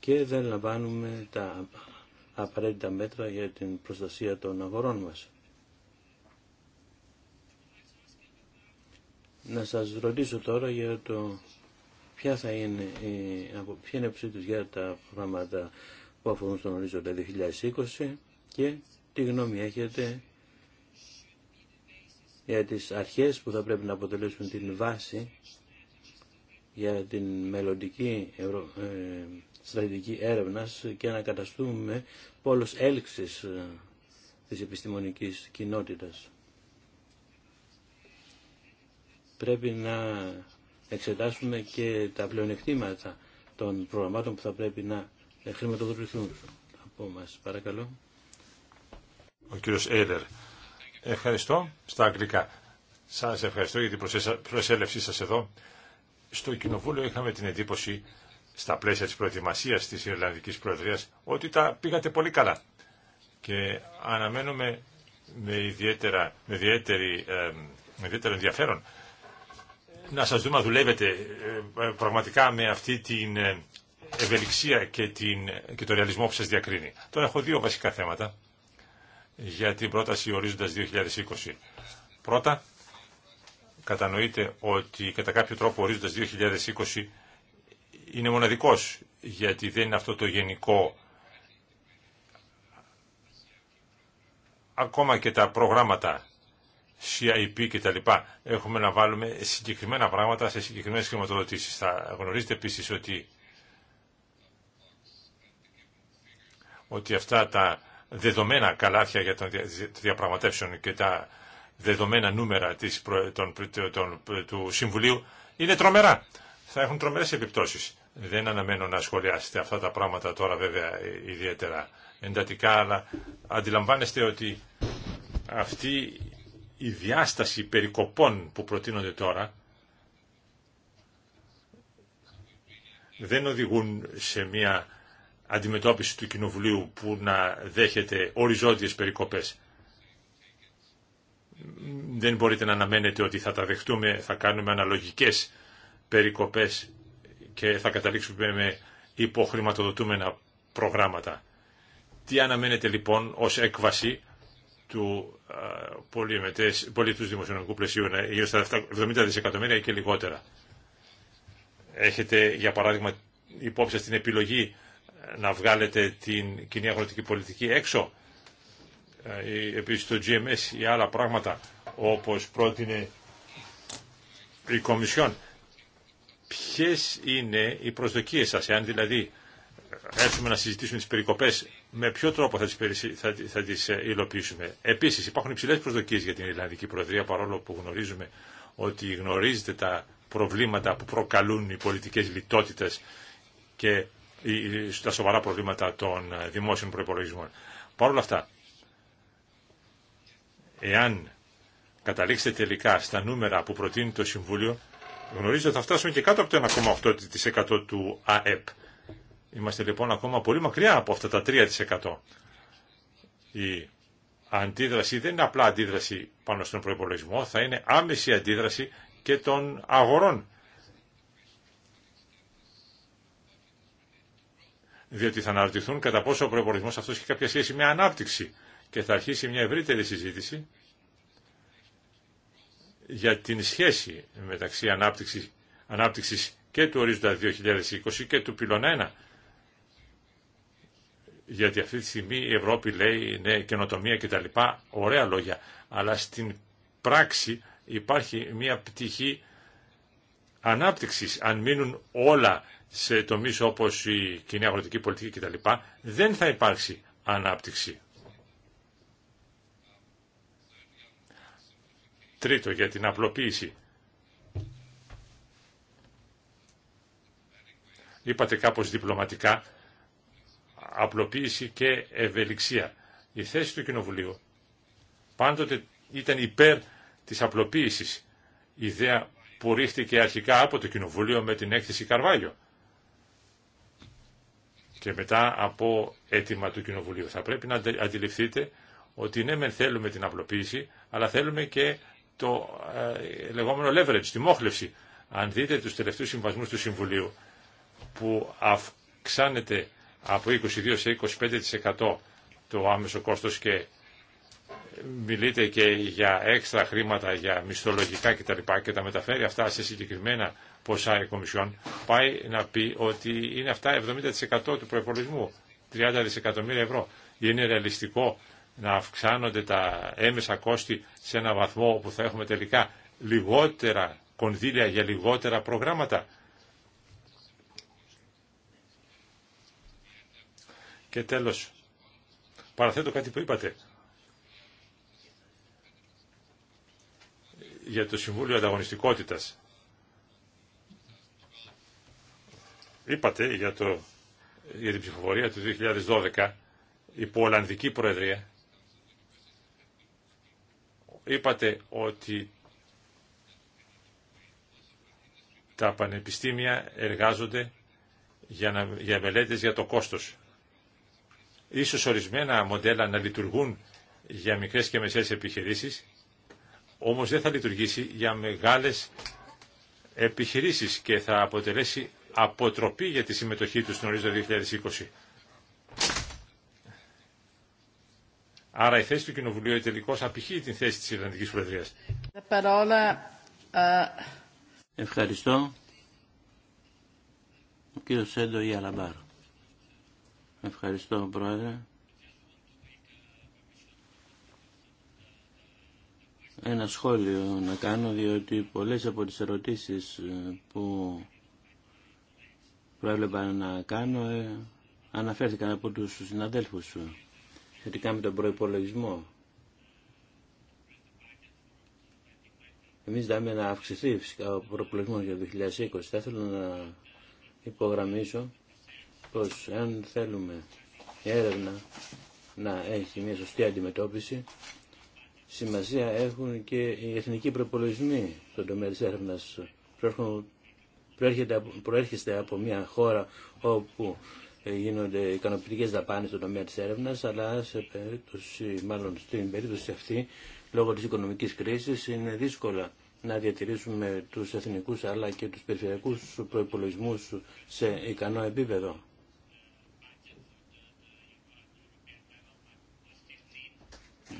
και δεν λαμβάνουμε τα απαραίτητα μέτρα για την προστασία των αγορών μας. Να σας ρωτήσω τώρα για το ποια θα είναι, ποια είναι η για τα πράγματα που αφορούν στον ορίζοντα 2020 και τι γνώμη έχετε για τις αρχές που θα πρέπει να αποτελέσουν την βάση για την μελλοντική ευρω... Ε, στρατηγική έρευνας και να καταστούμε πόλος έλξης ε, της επιστημονικής κοινότητας. Πρέπει να εξετάσουμε και τα πλεονεκτήματα των προγραμμάτων που θα πρέπει να χρηματοδοτηθούν από μας. Παρακαλώ. Ο κύριος Έλερ. Ευχαριστώ στα αγγλικά. Σας ευχαριστώ για την προσέλευσή σας εδώ. Στο Κοινοβούλιο είχαμε την εντύπωση στα πλαίσια της προετοιμασίας της Ιρλανδικής Προεδρίας ότι τα πήγατε πολύ καλά. Και αναμένουμε με, ιδιαίτερα, με, ιδιαίτερη, με ιδιαίτερο ενδιαφέρον να σας δούμε να δουλεύετε ε, ε, πραγματικά με αυτή την ε, ευελιξία και, την, και το ρεαλισμό που σας διακρίνει. Τώρα έχω δύο βασικά θέματα για την πρόταση ορίζοντας 2020. Πρώτα, κατανοείτε ότι κατά κάποιο τρόπο ορίζοντας 2020 είναι μοναδικός, γιατί δεν είναι αυτό το γενικό. Ακόμα και τα προγράμματα CIP και τα λοιπά, έχουμε να βάλουμε συγκεκριμένα πράγματα σε συγκεκριμένες χρηματοδοτήσεις. Θα γνωρίζετε επίσης ότι, ότι αυτά τα δεδομένα καλάθια για το διαπραγματεύσεων και τα δεδομένα νούμερα της, των, του Συμβουλίου είναι τρομερά θα έχουν τρομερές επιπτώσεις. Δεν αναμένω να σχολιάσετε αυτά τα πράγματα τώρα βέβαια ιδιαίτερα εντατικά, αλλά αντιλαμβάνεστε ότι αυτή η διάσταση περικοπών που προτείνονται τώρα δεν οδηγούν σε μια αντιμετώπιση του Κοινοβουλίου που να δέχεται οριζόντιες περικοπές. Δεν μπορείτε να αναμένετε ότι θα τα δεχτούμε, θα κάνουμε αναλογικές περικοπές και θα καταλήξουμε με υποχρηματοδοτούμενα προγράμματα. Τι αναμένεται λοιπόν ως έκβαση του πολίτους δημοσιονομικού πλαισίου γύρω στα 70 δισεκατομμύρια και λιγότερα. Έχετε για παράδειγμα υπόψη στην επιλογή ε, να βγάλετε την κοινή αγροτική πολιτική έξω ε, επίσης το GMS ή άλλα πράγματα όπως πρότεινε η Κομισιόν ποιες είναι οι προσδοκίες σας, εάν δηλαδή έρθουμε να συζητήσουμε τις περικοπές, με ποιο τρόπο θα τις, θα, τις ε, υλοποιήσουμε. Επίσης υπάρχουν υψηλές προσδοκίες για την Ιρλανδική Προεδρία, παρόλο που γνωρίζουμε ότι γνωρίζετε τα προβλήματα που προκαλούν οι πολιτικές λιτότητες και τα σοβαρά προβλήματα των ε, δημόσιων προπολογισμών. Παρ' όλα αυτά, εάν καταλήξετε τελικά στα νούμερα που προτείνει το Συμβούλιο, γνωρίζω θα φτάσουμε και κάτω από το 1,8% του ΑΕΠ. Είμαστε λοιπόν ακόμα πολύ μακριά από αυτά τα 3%. Η αντίδραση δεν είναι απλά αντίδραση πάνω στον προϋπολογισμό, θα είναι άμεση αντίδραση και των αγορών. Διότι θα αναρωτηθούν κατά πόσο ο προϋπολογισμός αυτός έχει κάποια σχέση με ανάπτυξη και θα αρχίσει μια ευρύτερη συζήτηση για την σχέση μεταξύ ανάπτυξης, ανάπτυξης και του ορίζοντα 2020 και του πυλώνα 1. Γιατί αυτή τη στιγμή η Ευρώπη λέει ναι, καινοτομία κτλ. Ωραία λόγια. Αλλά στην πράξη υπάρχει μια πτυχή ανάπτυξης. Αν μείνουν όλα σε τομείς όπως η κοινή αγροτική πολιτική κτλ. δεν θα υπάρξει ανάπτυξη. Τρίτο, για την απλοποίηση. Είπατε κάπως διπλωματικά, απλοποίηση και ευελιξία. Η θέση του Κοινοβουλίου πάντοτε ήταν υπέρ της απλοποίησης. Η ιδέα που ρίχτηκε αρχικά από το Κοινοβουλίο με την έκθεση Καρβάλιο και μετά από αίτημα του Κοινοβουλίου. Θα πρέπει να αντιληφθείτε ότι ναι μεν θέλουμε την απλοποίηση, αλλά θέλουμε και το ε, λεγόμενο leverage, τη μόχλευση. Αν δείτε τους τελευταίους συμβασμούς του Συμβουλίου που αυξάνεται από 22% σε 25% το άμεσο κόστος και μιλείτε και για έξτρα χρήματα, για μισθολογικά κτλ. και τα μεταφέρει αυτά σε συγκεκριμένα ποσά η Κομισιόν, πάει να πει ότι είναι αυτά 70% του προπολογισμού, 30 δισεκατομμύρια ευρώ. Είναι ρεαλιστικό να αυξάνονται τα έμεσα κόστη σε ένα βαθμό όπου θα έχουμε τελικά λιγότερα κονδύλια για λιγότερα προγράμματα. Και τέλος, παραθέτω κάτι που είπατε. για το Συμβούλιο Ανταγωνιστικότητας. Είπατε για, το, για την ψηφοφορία του 2012 υπό Ολλανδική Προεδρία Είπατε ότι τα πανεπιστήμια εργάζονται για, να, για μελέτες για το κόστος. Ίσως ορισμένα μοντέλα να λειτουργούν για μικρές και μεσαίες επιχειρήσεις, όμως δεν θα λειτουργήσει για μεγάλες επιχειρήσεις και θα αποτελέσει αποτροπή για τη συμμετοχή τους στην ορίζοντα 2020. Άρα η θέση του Κοινοβουλίου τελικώ απηχεί την θέση τη Ιρλανδική Προεδρία. Ε, Ευχαριστώ. Ο κύριο Σέντο Ιαλαμπάρ. Ευχαριστώ, Πρόεδρε. Ένα σχόλιο να κάνω, διότι πολλές από τις ερωτήσεις ε, που προέβλεπα να κάνω ε, αναφέρθηκαν από τους συναδέλφους σου σχετικά με τον προϋπολογισμό. Εμείς δάμε να αυξηθεί φυσικά ο προϋπολογισμός για το 2020. Θα ήθελα να υπογραμμίσω πως αν θέλουμε η έρευνα να έχει μια σωστή αντιμετώπιση, σημασία έχουν και οι εθνικοί προπολογισμοί στον τομέα της έρευνας. Προέρχεται από μια χώρα όπου γίνονται ικανοποιητικέ δαπάνε στον τομέα τη έρευνα, αλλά σε περίπτωση, μάλλον στην περίπτωση αυτή, λόγω τη οικονομική κρίση, είναι δύσκολα να διατηρήσουμε τους εθνικούς αλλά και τους περιφερειακούς προπολογισμού σε ικανό επίπεδο.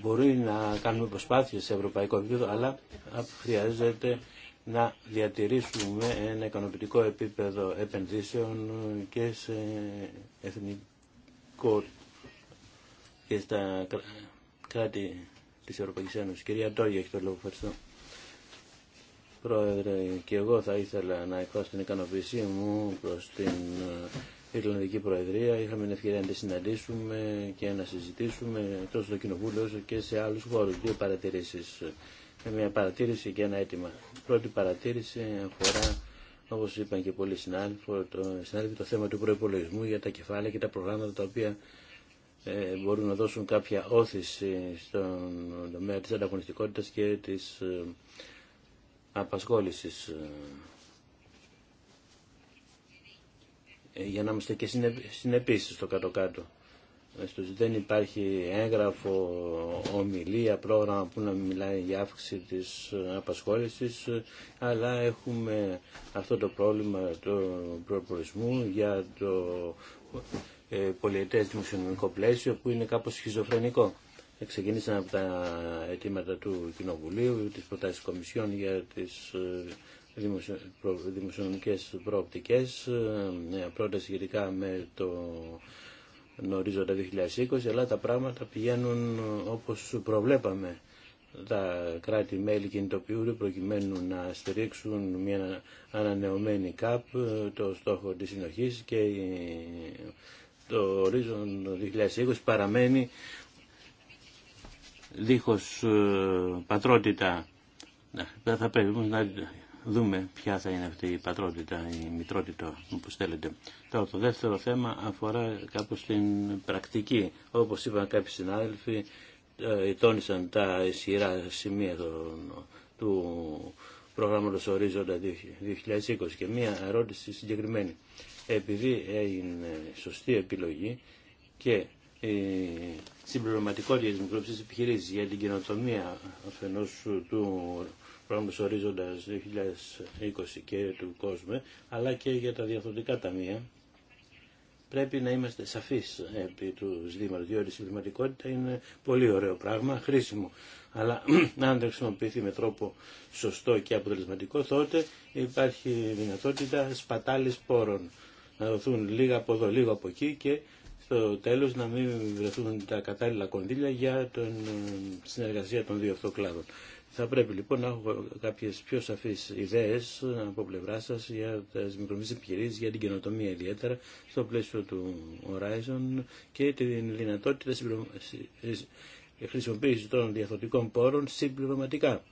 Μπορεί να κάνουμε προσπάθειες σε ευρωπαϊκό επίπεδο, αλλά χρειάζεται να διατηρήσουμε ένα ικανοποιητικό επίπεδο επενδύσεων και σε εθνικό και στα κράτη της Ευρωπαϊκής Ένωσης. Κυρία Τόγια, έχει το λόγο. Ευχαριστώ. Πρόεδρε, και εγώ θα ήθελα να εκφράσω την ικανοποίησή μου προς την ε, Ιρλανδική Προεδρία. Είχαμε την ευκαιρία να τη συναντήσουμε και να συζητήσουμε τόσο στο Κοινοβούλιο όσο και σε άλλους χώρους. Δύο παρατηρήσεις. Ε, μια παρατήρηση και ένα αίτημα. πρώτη παρατήρηση αφορά, όπως είπαν και πολλοί συνάδελφοι, το, το θέμα του προπολογισμού για τα κεφάλαια και τα προγράμματα τα οποία ε, μπορούν να δώσουν κάποια όθηση στον τομέα της ανταγωνιστικότητα και τη ε, απασχόλησης. Ε, για να είμαστε και συνεπείς στο κάτω-κάτω δεν υπάρχει έγγραφο, ομιλία, πρόγραμμα που να μιλάει για αύξηση της απασχόλησης, αλλά έχουμε αυτό το πρόβλημα του προπορισμού για το ε, πολιετές δημοσιονομικό πλαίσιο που είναι κάπως σχιζοφρενικό. Ε, ξεκινήσαμε από τα αιτήματα του Κοινοβουλίου, της προτάσεις Κομισιόν για τις ε, δημοσιονομικές προοπτικές, μια πρόταση σχετικά με το ορίζοντα 2020, αλλά τα πράγματα πηγαίνουν όπως προβλέπαμε. Τα κράτη-μέλη κινητοποιούνται προκειμένου να στηρίξουν μια ανανεωμένη ΚΑΠ, το στόχο της συνοχής και το ορίζον 2020 παραμένει δίχως ε, πατρότητα. Θα πρέπει να δούμε ποια θα είναι αυτή η πατρότητα, η μητρότητα, όπως θέλετε. Τώρα, το δεύτερο θέμα αφορά κάπως την πρακτική. Όπως είπαν κάποιοι συνάδελφοι, ε, τόνισαν τα ισχυρά σημεία του προγράμματος Ορίζοντα 2020 και μία ερώτηση συγκεκριμένη. Επειδή έγινε σωστή επιλογή και η συμπληρωματικότητα της μικρόψης επιχειρήσης για την κοινοτομία αφενός του πρόγραμματος ορίζοντα 2020 και του κόσμου, αλλά και για τα διαφορετικά ταμεία, πρέπει να είμαστε σαφείς επί του Δήμαρχου, διότι η συμπληρωματικότητα είναι πολύ ωραίο πράγμα, χρήσιμο. Αλλά αν δεν χρησιμοποιηθεί με τρόπο σωστό και αποτελεσματικό, τότε υπάρχει δυνατότητα σπατάλης πόρων. Να δοθούν λίγα από εδώ, λίγο από εκεί και στο τέλο να μην βρεθούν τα κατάλληλα κονδύλια για την ε, συνεργασία των δύο αυτοκλάδων. Θα πρέπει λοιπόν να έχω κάποιε πιο σαφεί ιδέε από πλευρά σα για τι μικρομεσαίε επιχειρήσει, για την καινοτομία ιδιαίτερα στο πλαίσιο του Horizon και την δυνατότητα χρησιμοποίηση των διαθωτικών πόρων συμπληρωματικά.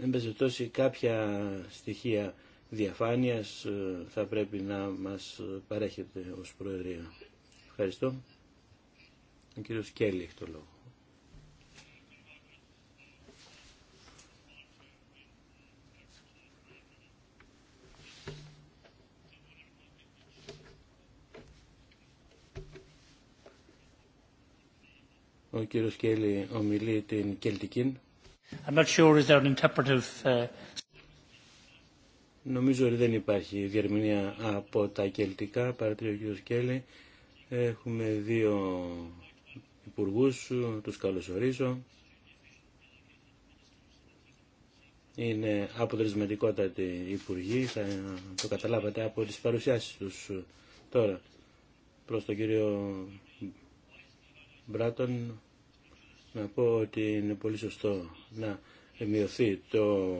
Εν περιπτώσει κάποια στοιχεία διαφάνειας ε, θα πρέπει να μας παρέχεται ω Προεδρία. Ευχαριστώ. Ο κύριος Κέλλη έχει το λόγο. Ο κύριος Κέλλη ομιλεί την Κελτική. I'm not sure uh, Νομίζω ότι δεν υπάρχει διερμηνία από τα κελτικά, παρατηρεί ο κύριος Κέλλη. Έχουμε δύο υπουργούς, τους καλωσορίζω. είναι αποτελεσματικότατη υπουργή, θα το καταλάβατε από τις παρουσιάσεις τους τώρα προς τον κύριο Μπράτον να πω ότι είναι πολύ σωστό να μειωθεί το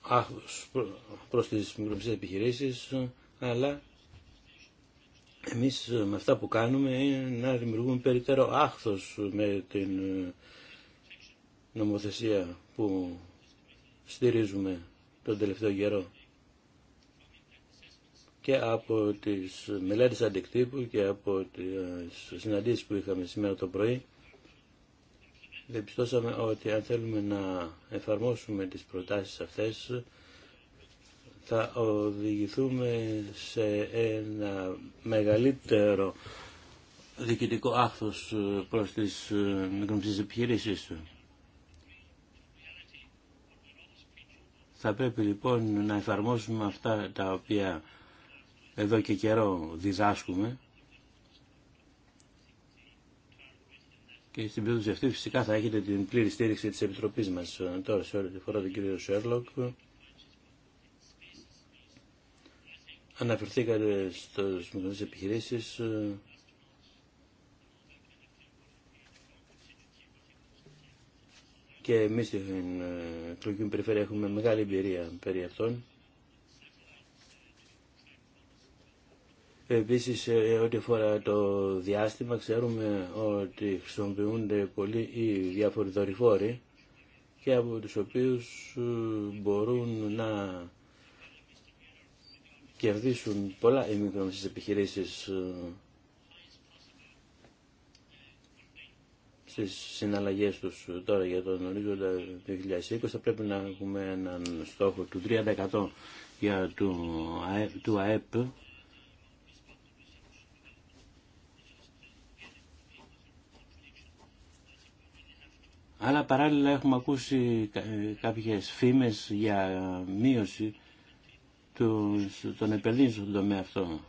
άχθος προς τις μικρομεσαίες επιχειρήσεις, αλλά εμείς με αυτά που κάνουμε είναι να δημιουργούμε περιττέρω άχθος με την νομοθεσία που στηρίζουμε τον τελευταίο καιρό και από τις μελέτες αντικτύπου και από τις συναντήσεις που είχαμε σήμερα το πρωί διαπιστώσαμε ότι αν θέλουμε να εφαρμόσουμε τις προτάσεις αυτές θα οδηγηθούμε σε ένα μεγαλύτερο διοικητικό άχθος προς τις μικρομεσαίες επιχειρήσεις. Θα πρέπει λοιπόν να εφαρμόσουμε αυτά τα οποία εδώ και καιρό διδάσκουμε και στην περίπτωση αυτή φυσικά θα έχετε την πλήρη στήριξη της Επιτροπής μας. Ε, τώρα σε όλη τη φορά του κύριο Σέρλοκ αναφερθήκατε στις μικρές επιχειρήσεις ε, και εμείς στην ε, εκλογική περιφέρεια έχουμε μεγάλη εμπειρία περί αυτών Επίσης, ε, ό,τι αφορά το διάστημα, ξέρουμε ότι χρησιμοποιούνται πολλοί οι διάφοροι δορυφόροι και από τους οποίους ε, μπορούν να κερδίσουν πολλά οι μικρομεσαίες επιχειρήσεις ε, στις συναλλαγές τους τώρα για τον ορίζοντα 2020 θα πρέπει να έχουμε έναν στόχο του 30% για του ΑΕΠ Αλλά παράλληλα έχουμε ακούσει ε, κάποιες φήμες για μείωση των επενδύσεων στον τομέα αυτό.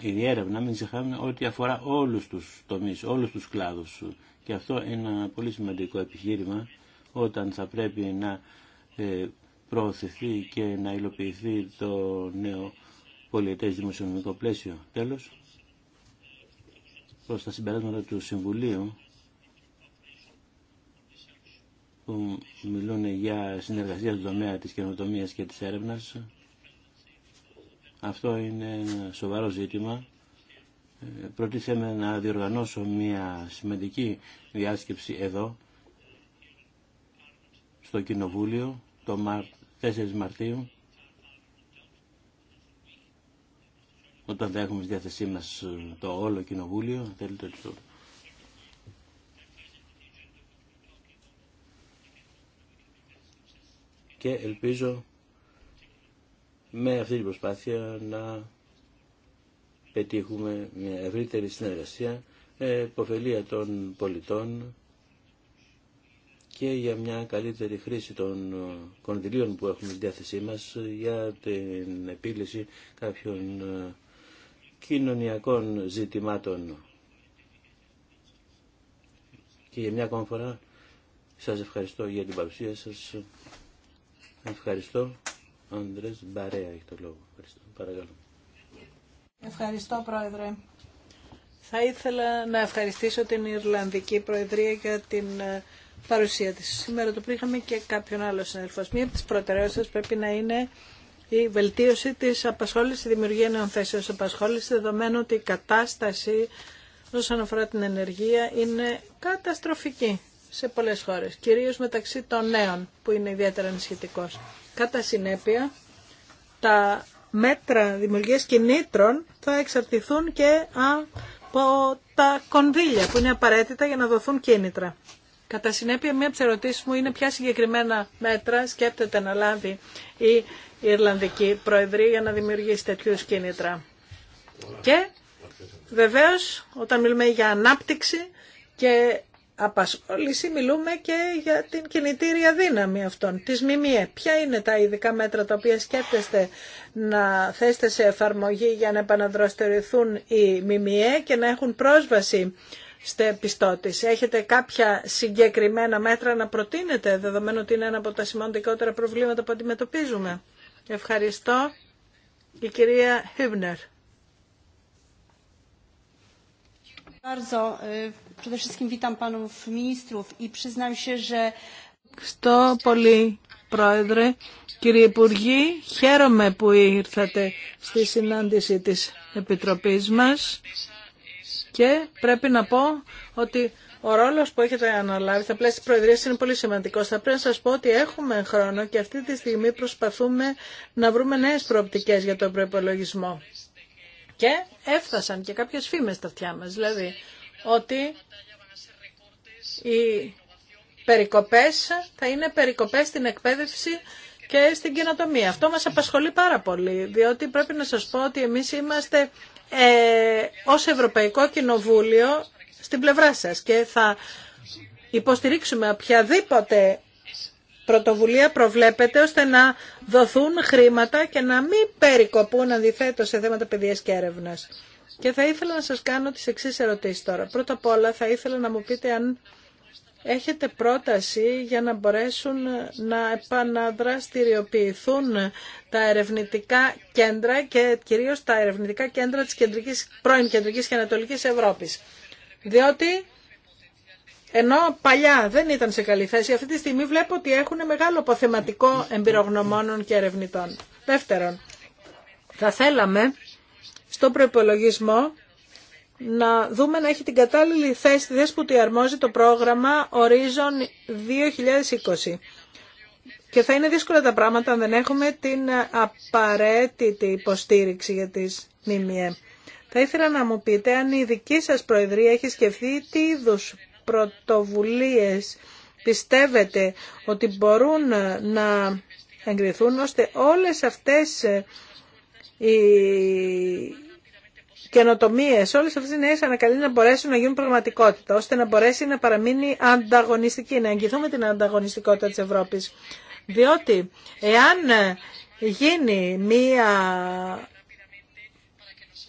Η διέρευνα, μην ξεχάμε, ότι αφορά όλους τους τομείς, όλους τους κλάδους. Και αυτό είναι ένα πολύ σημαντικό επιχείρημα όταν θα πρέπει να ε, προωθηθεί και να υλοποιηθεί το νέο πολιετές δημοσιονομικό πλαίσιο. Τέλος, προς τα συμπεράσματα του Συμβουλίου, που μιλούν για συνεργασία στον τομέα της καινοτομίας και της έρευνας. Αυτό είναι ένα σοβαρό ζήτημα. Ε, Προτίθεμε να διοργανώσω μια σημαντική διάσκεψη εδώ, στο Κοινοβούλιο, το 4 Μαρτίου, όταν θα έχουμε στη διάθεσή μας το όλο Κοινοβούλιο, θέλετε και ελπίζω με αυτή την προσπάθεια να πετύχουμε μια ευρύτερη συνεργασία ε, υποφελία των πολιτών και για μια καλύτερη χρήση των ε, κονδυλίων που έχουμε στη διάθεσή μας για την επίλυση κάποιων ε, κοινωνιακών ζητημάτων. Και για μια ακόμα φορά σας ευχαριστώ για την παρουσία σας. Ευχαριστώ. άντρε Μπαρέα έχει το λόγο. Ευχαριστώ. Παρακαλώ. Ευχαριστώ Πρόεδρε. Θα ήθελα να ευχαριστήσω την Ιρλανδική Προεδρία για την ε, παρουσία της. Σήμερα το πήγαμε και κάποιον άλλο συνέλφο. Μία από τις προτεραιότητες πρέπει να είναι η βελτίωση της απασχόλησης, η δημιουργία νέων θέσεων απασχόλησης, δεδομένου ότι η κατάσταση όσον αφορά την ενεργεία είναι καταστροφική σε πολλές χώρες, κυρίως μεταξύ των νέων που είναι ιδιαίτερα ενισχυτικός. Κατά συνέπεια, τα μέτρα δημιουργίας κινήτρων θα εξαρτηθούν και από τα κονδύλια που είναι απαραίτητα για να δοθούν κίνητρα. Κατά συνέπεια, μία από τις μου είναι ποια συγκεκριμένα μέτρα σκέπτεται να λάβει η Ιρλανδική Προεδρία για να δημιουργήσει τέτοιου κίνητρα. Και βεβαίως, όταν μιλούμε για ανάπτυξη και απασχόληση μιλούμε και για την κινητήρια δύναμη αυτών, της ΜΜΕ. Ποια είναι τα ειδικά μέτρα τα οποία σκέφτεστε να θέσετε σε εφαρμογή για να επαναδροστερηθούν οι ΜΜΕ και να έχουν πρόσβαση στην πιστότηση. Έχετε κάποια συγκεκριμένα μέτρα να προτείνετε, δεδομένου ότι είναι ένα από τα σημαντικότερα προβλήματα που αντιμετωπίζουμε. Ευχαριστώ. Η κυρία Χίμνερ. Ευχαριστώ πολύ, Πρόεδρε. Κύριε Υπουργή, χαίρομαι που ήρθατε στη συνάντηση της Επιτροπής μας και πρέπει να πω ότι ο ρόλος που έχετε αναλάβει στα πλαίσια της Προεδρίας είναι πολύ σημαντικός. Θα πρέπει να σας πω ότι έχουμε χρόνο και αυτή τη στιγμή προσπαθούμε να βρούμε νέες προοπτικές για τον προπολογισμό. Και έφτασαν και κάποιες φήμες στα αυτιά μας, δηλαδή ότι οι περικοπές θα είναι περικοπές στην εκπαίδευση και στην κοινοτομία. Αυτό μας απασχολεί πάρα πολύ, διότι πρέπει να σας πω ότι εμείς είμαστε ε, ως Ευρωπαϊκό Κοινοβούλιο στην πλευρά σας και θα υποστηρίξουμε οποιαδήποτε πρωτοβουλία προβλέπεται ώστε να δοθούν χρήματα και να μην περικοπούν αντιθέτω σε θέματα παιδείας και έρευνα. Και θα ήθελα να σας κάνω τις εξής ερωτήσεις τώρα. Πρώτα απ' όλα θα ήθελα να μου πείτε αν έχετε πρόταση για να μπορέσουν να επαναδραστηριοποιηθούν τα ερευνητικά κέντρα και κυρίως τα ερευνητικά κέντρα της πρώην Κεντρικής και Ανατολικής Ευρώπης. Διότι ενώ παλιά δεν ήταν σε καλή θέση, αυτή τη στιγμή βλέπω ότι έχουν μεγάλο αποθεματικό εμπειρογνωμόνων και ερευνητών. Δεύτερον, θα θέλαμε στον προπολογισμό να δούμε να έχει την κατάλληλη θέση, τη που τη αρμόζει το πρόγραμμα Horizon 2020. Και θα είναι δύσκολα τα πράγματα αν δεν έχουμε την απαραίτητη υποστήριξη για τις ΜΜΕ. Θα ήθελα να μου πείτε αν η δική σας Προεδρία έχει σκεφτεί τι είδου πρωτοβουλίες πιστεύετε ότι μπορούν να εγκριθούν ώστε όλες αυτές ε, οι καινοτομίε, όλε αυτέ οι νέε ανακαλύψει να μπορέσουν να γίνουν πραγματικότητα, ώστε να μπορέσει να παραμείνει ανταγωνιστική, να εγγυηθούμε την ανταγωνιστικότητα τη Ευρώπη. Διότι εάν γίνει μία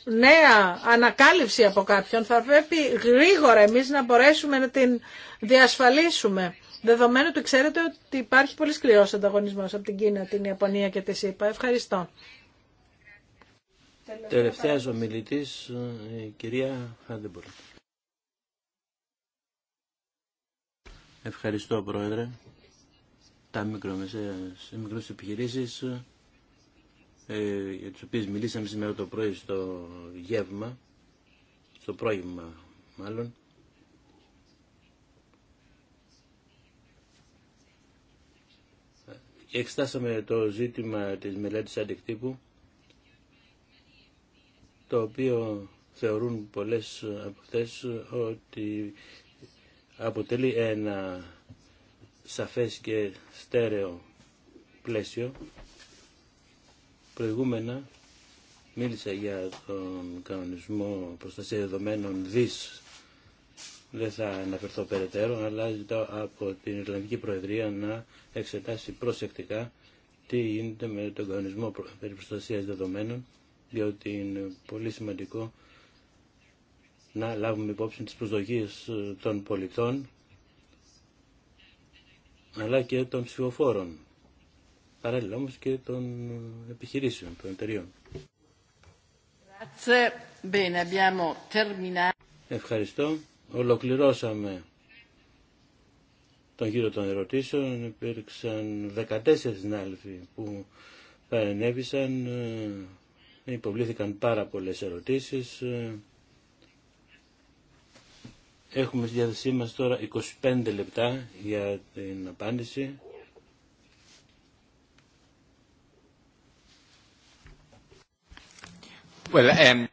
νέα ανακάλυψη από κάποιον θα πρέπει γρήγορα εμείς να μπορέσουμε να την διασφαλίσουμε. Δεδομένου ότι ξέρετε ότι υπάρχει πολύ σκληρό ανταγωνισμό από την Κίνα, την Ιαπωνία και τη ΣΥΠΑ. Ευχαριστώ. Τελευταία ομιλητή, η κυρία Χάντεμπορ. Ευχαριστώ, Πρόεδρε. Τα μικρομεσαίε επιχειρήσει ε, για τις οποίες μιλήσαμε σήμερα το πρωί στο γεύμα, στο πρόγευμα μάλλον, εξτάσαμε το ζήτημα της μελέτης αντικτύπου, το οποίο θεωρούν πολλές από αυτές ότι αποτελεί ένα σαφές και στέρεο πλαίσιο Προηγούμενα μίλησα για τον κανονισμό προστασία δεδομένων ΔΙΣ. Δεν θα αναφερθώ περαιτέρω, αλλά ζητάω από την Ιρλανδική Προεδρία να εξετάσει προσεκτικά τι γίνεται με τον κανονισμό περί προστασίας δεδομένων, διότι είναι πολύ σημαντικό να λάβουμε υπόψη τις προσδοκίες ε, των πολιτών αλλά και των ψηφοφόρων παράλληλα όμως και των επιχειρήσεων, των εταιριών. Ευχαριστώ. Ολοκληρώσαμε τον γύρο των ερωτήσεων. Υπήρξαν 14 συνάδελφοι που παρενέβησαν. Ε, υποβλήθηκαν πάρα πολλές ερωτήσεις. Ε, έχουμε στη διάθεσή μας τώρα 25 λεπτά για την απάντηση. Well, um...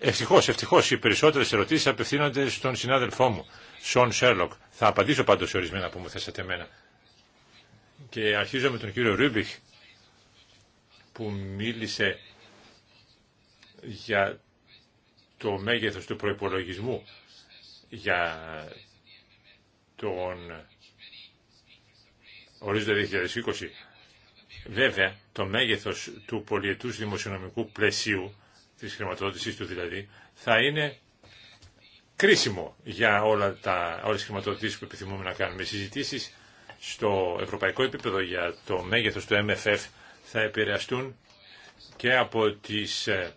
Ευτυχώς, ευτυχώς, οι περισσότερες ερωτήσεις απευθύνονται στον συνάδελφό μου, Σον Σέρλοκ. Θα απαντήσω πάντως σε ορισμένα που μου θέσατε εμένα. Και αρχίζω με τον κύριο Ρούμπιχ, που μίλησε για το μέγεθος του προϋπολογισμού, για τον ορίζοντα 2020. Βέβαια, το μέγεθος του πολιετούς δημοσιονομικού πλαισίου, της χρηματοδότησής του δηλαδή, θα είναι κρίσιμο για όλα τα, όλες τις χρηματοδοτήσεις που επιθυμούμε να κάνουμε. Συζητήσεις στο ευρωπαϊκό επίπεδο για το μέγεθος του MFF θα επηρεαστούν και από, τις, ε,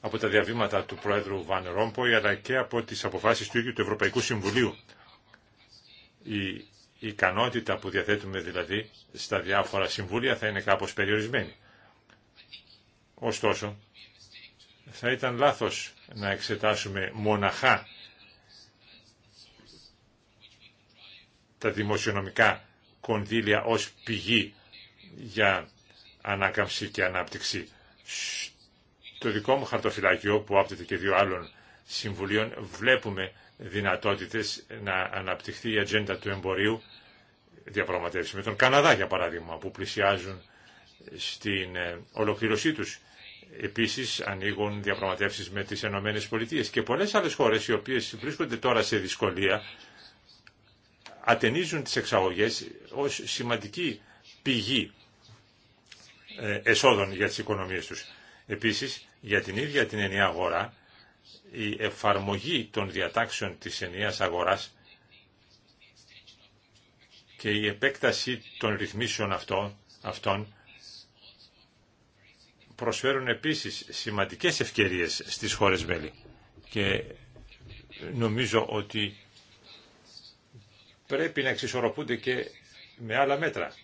από τα διαβήματα του Πρόεδρου Βαν Ρόμποϊ αλλά και από τις αποφάσεις του ίδιου του Ευρωπαϊκού Συμβουλίου η ικανότητα που διαθέτουμε δηλαδή στα διάφορα συμβούλια θα είναι κάπως περιορισμένη. Ωστόσο, θα ήταν λάθος να εξετάσουμε μοναχά τα δημοσιονομικά κονδύλια ως πηγή για ανάκαμψη και ανάπτυξη. Το δικό μου χαρτοφυλάκιο, που άπτεται και δύο άλλων συμβουλίων, βλέπουμε δυνατότητες να αναπτυχθεί η ατζέντα του εμπορίου διαπραγματεύσει με τον Καναδά για παράδειγμα που πλησιάζουν στην ε, ολοκληρωσή τους. Επίσης ανοίγουν διαπραγματεύσεις με τις Ενωμένες Πολιτείες και πολλές άλλες χώρες οι οποίες βρίσκονται τώρα σε δυσκολία ατενίζουν τις εξαγωγές ως σημαντική πηγή ε, εσόδων για τις οικονομίες τους. Επίσης, για την ίδια την ενιαία αγορά, η εφαρμογή των διατάξεων της ενιαίας αγοράς και η επέκταση των ρυθμίσεων αυτών, αυτών προσφέρουν επίσης σημαντικές ευκαιρίες στις χώρες μέλη. Και νομίζω ότι πρέπει να εξισορροπούνται και με άλλα μέτρα.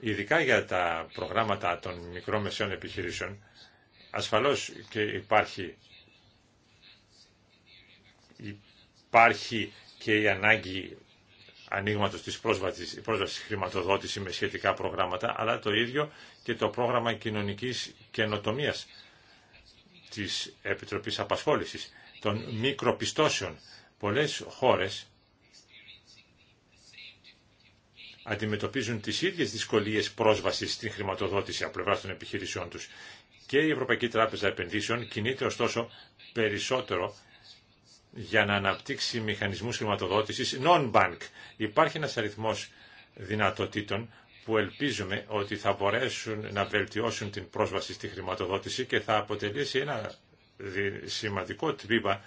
Ειδικά για τα προγράμματα των μικρών μεσαίων επιχειρήσεων, ασφαλώς και υπάρχει, υπάρχει και η ανάγκη ανοίγματο τη πρόσβασης, χρηματοδότηση με σχετικά προγράμματα, αλλά το ίδιο και το πρόγραμμα κοινωνική καινοτομία της επιτροπή Απασχόλησης, των μικροπιστώσεων. Πολλές χώρες αντιμετωπίζουν τις ίδιες δυσκολίες πρόσβασης στην χρηματοδότηση από πλευρά των επιχειρήσεών τους. Και η Ευρωπαϊκή Τράπεζα Επενδύσεων κινείται ωστόσο περισσότερο για να αναπτύξει μηχανισμούς χρηματοδότησης non-bank. Υπάρχει ένας αριθμός δυνατοτήτων που ελπίζουμε ότι θα μπορέσουν να βελτιώσουν την πρόσβαση στη χρηματοδότηση και θα αποτελέσει ένα σημαντικό τμήμα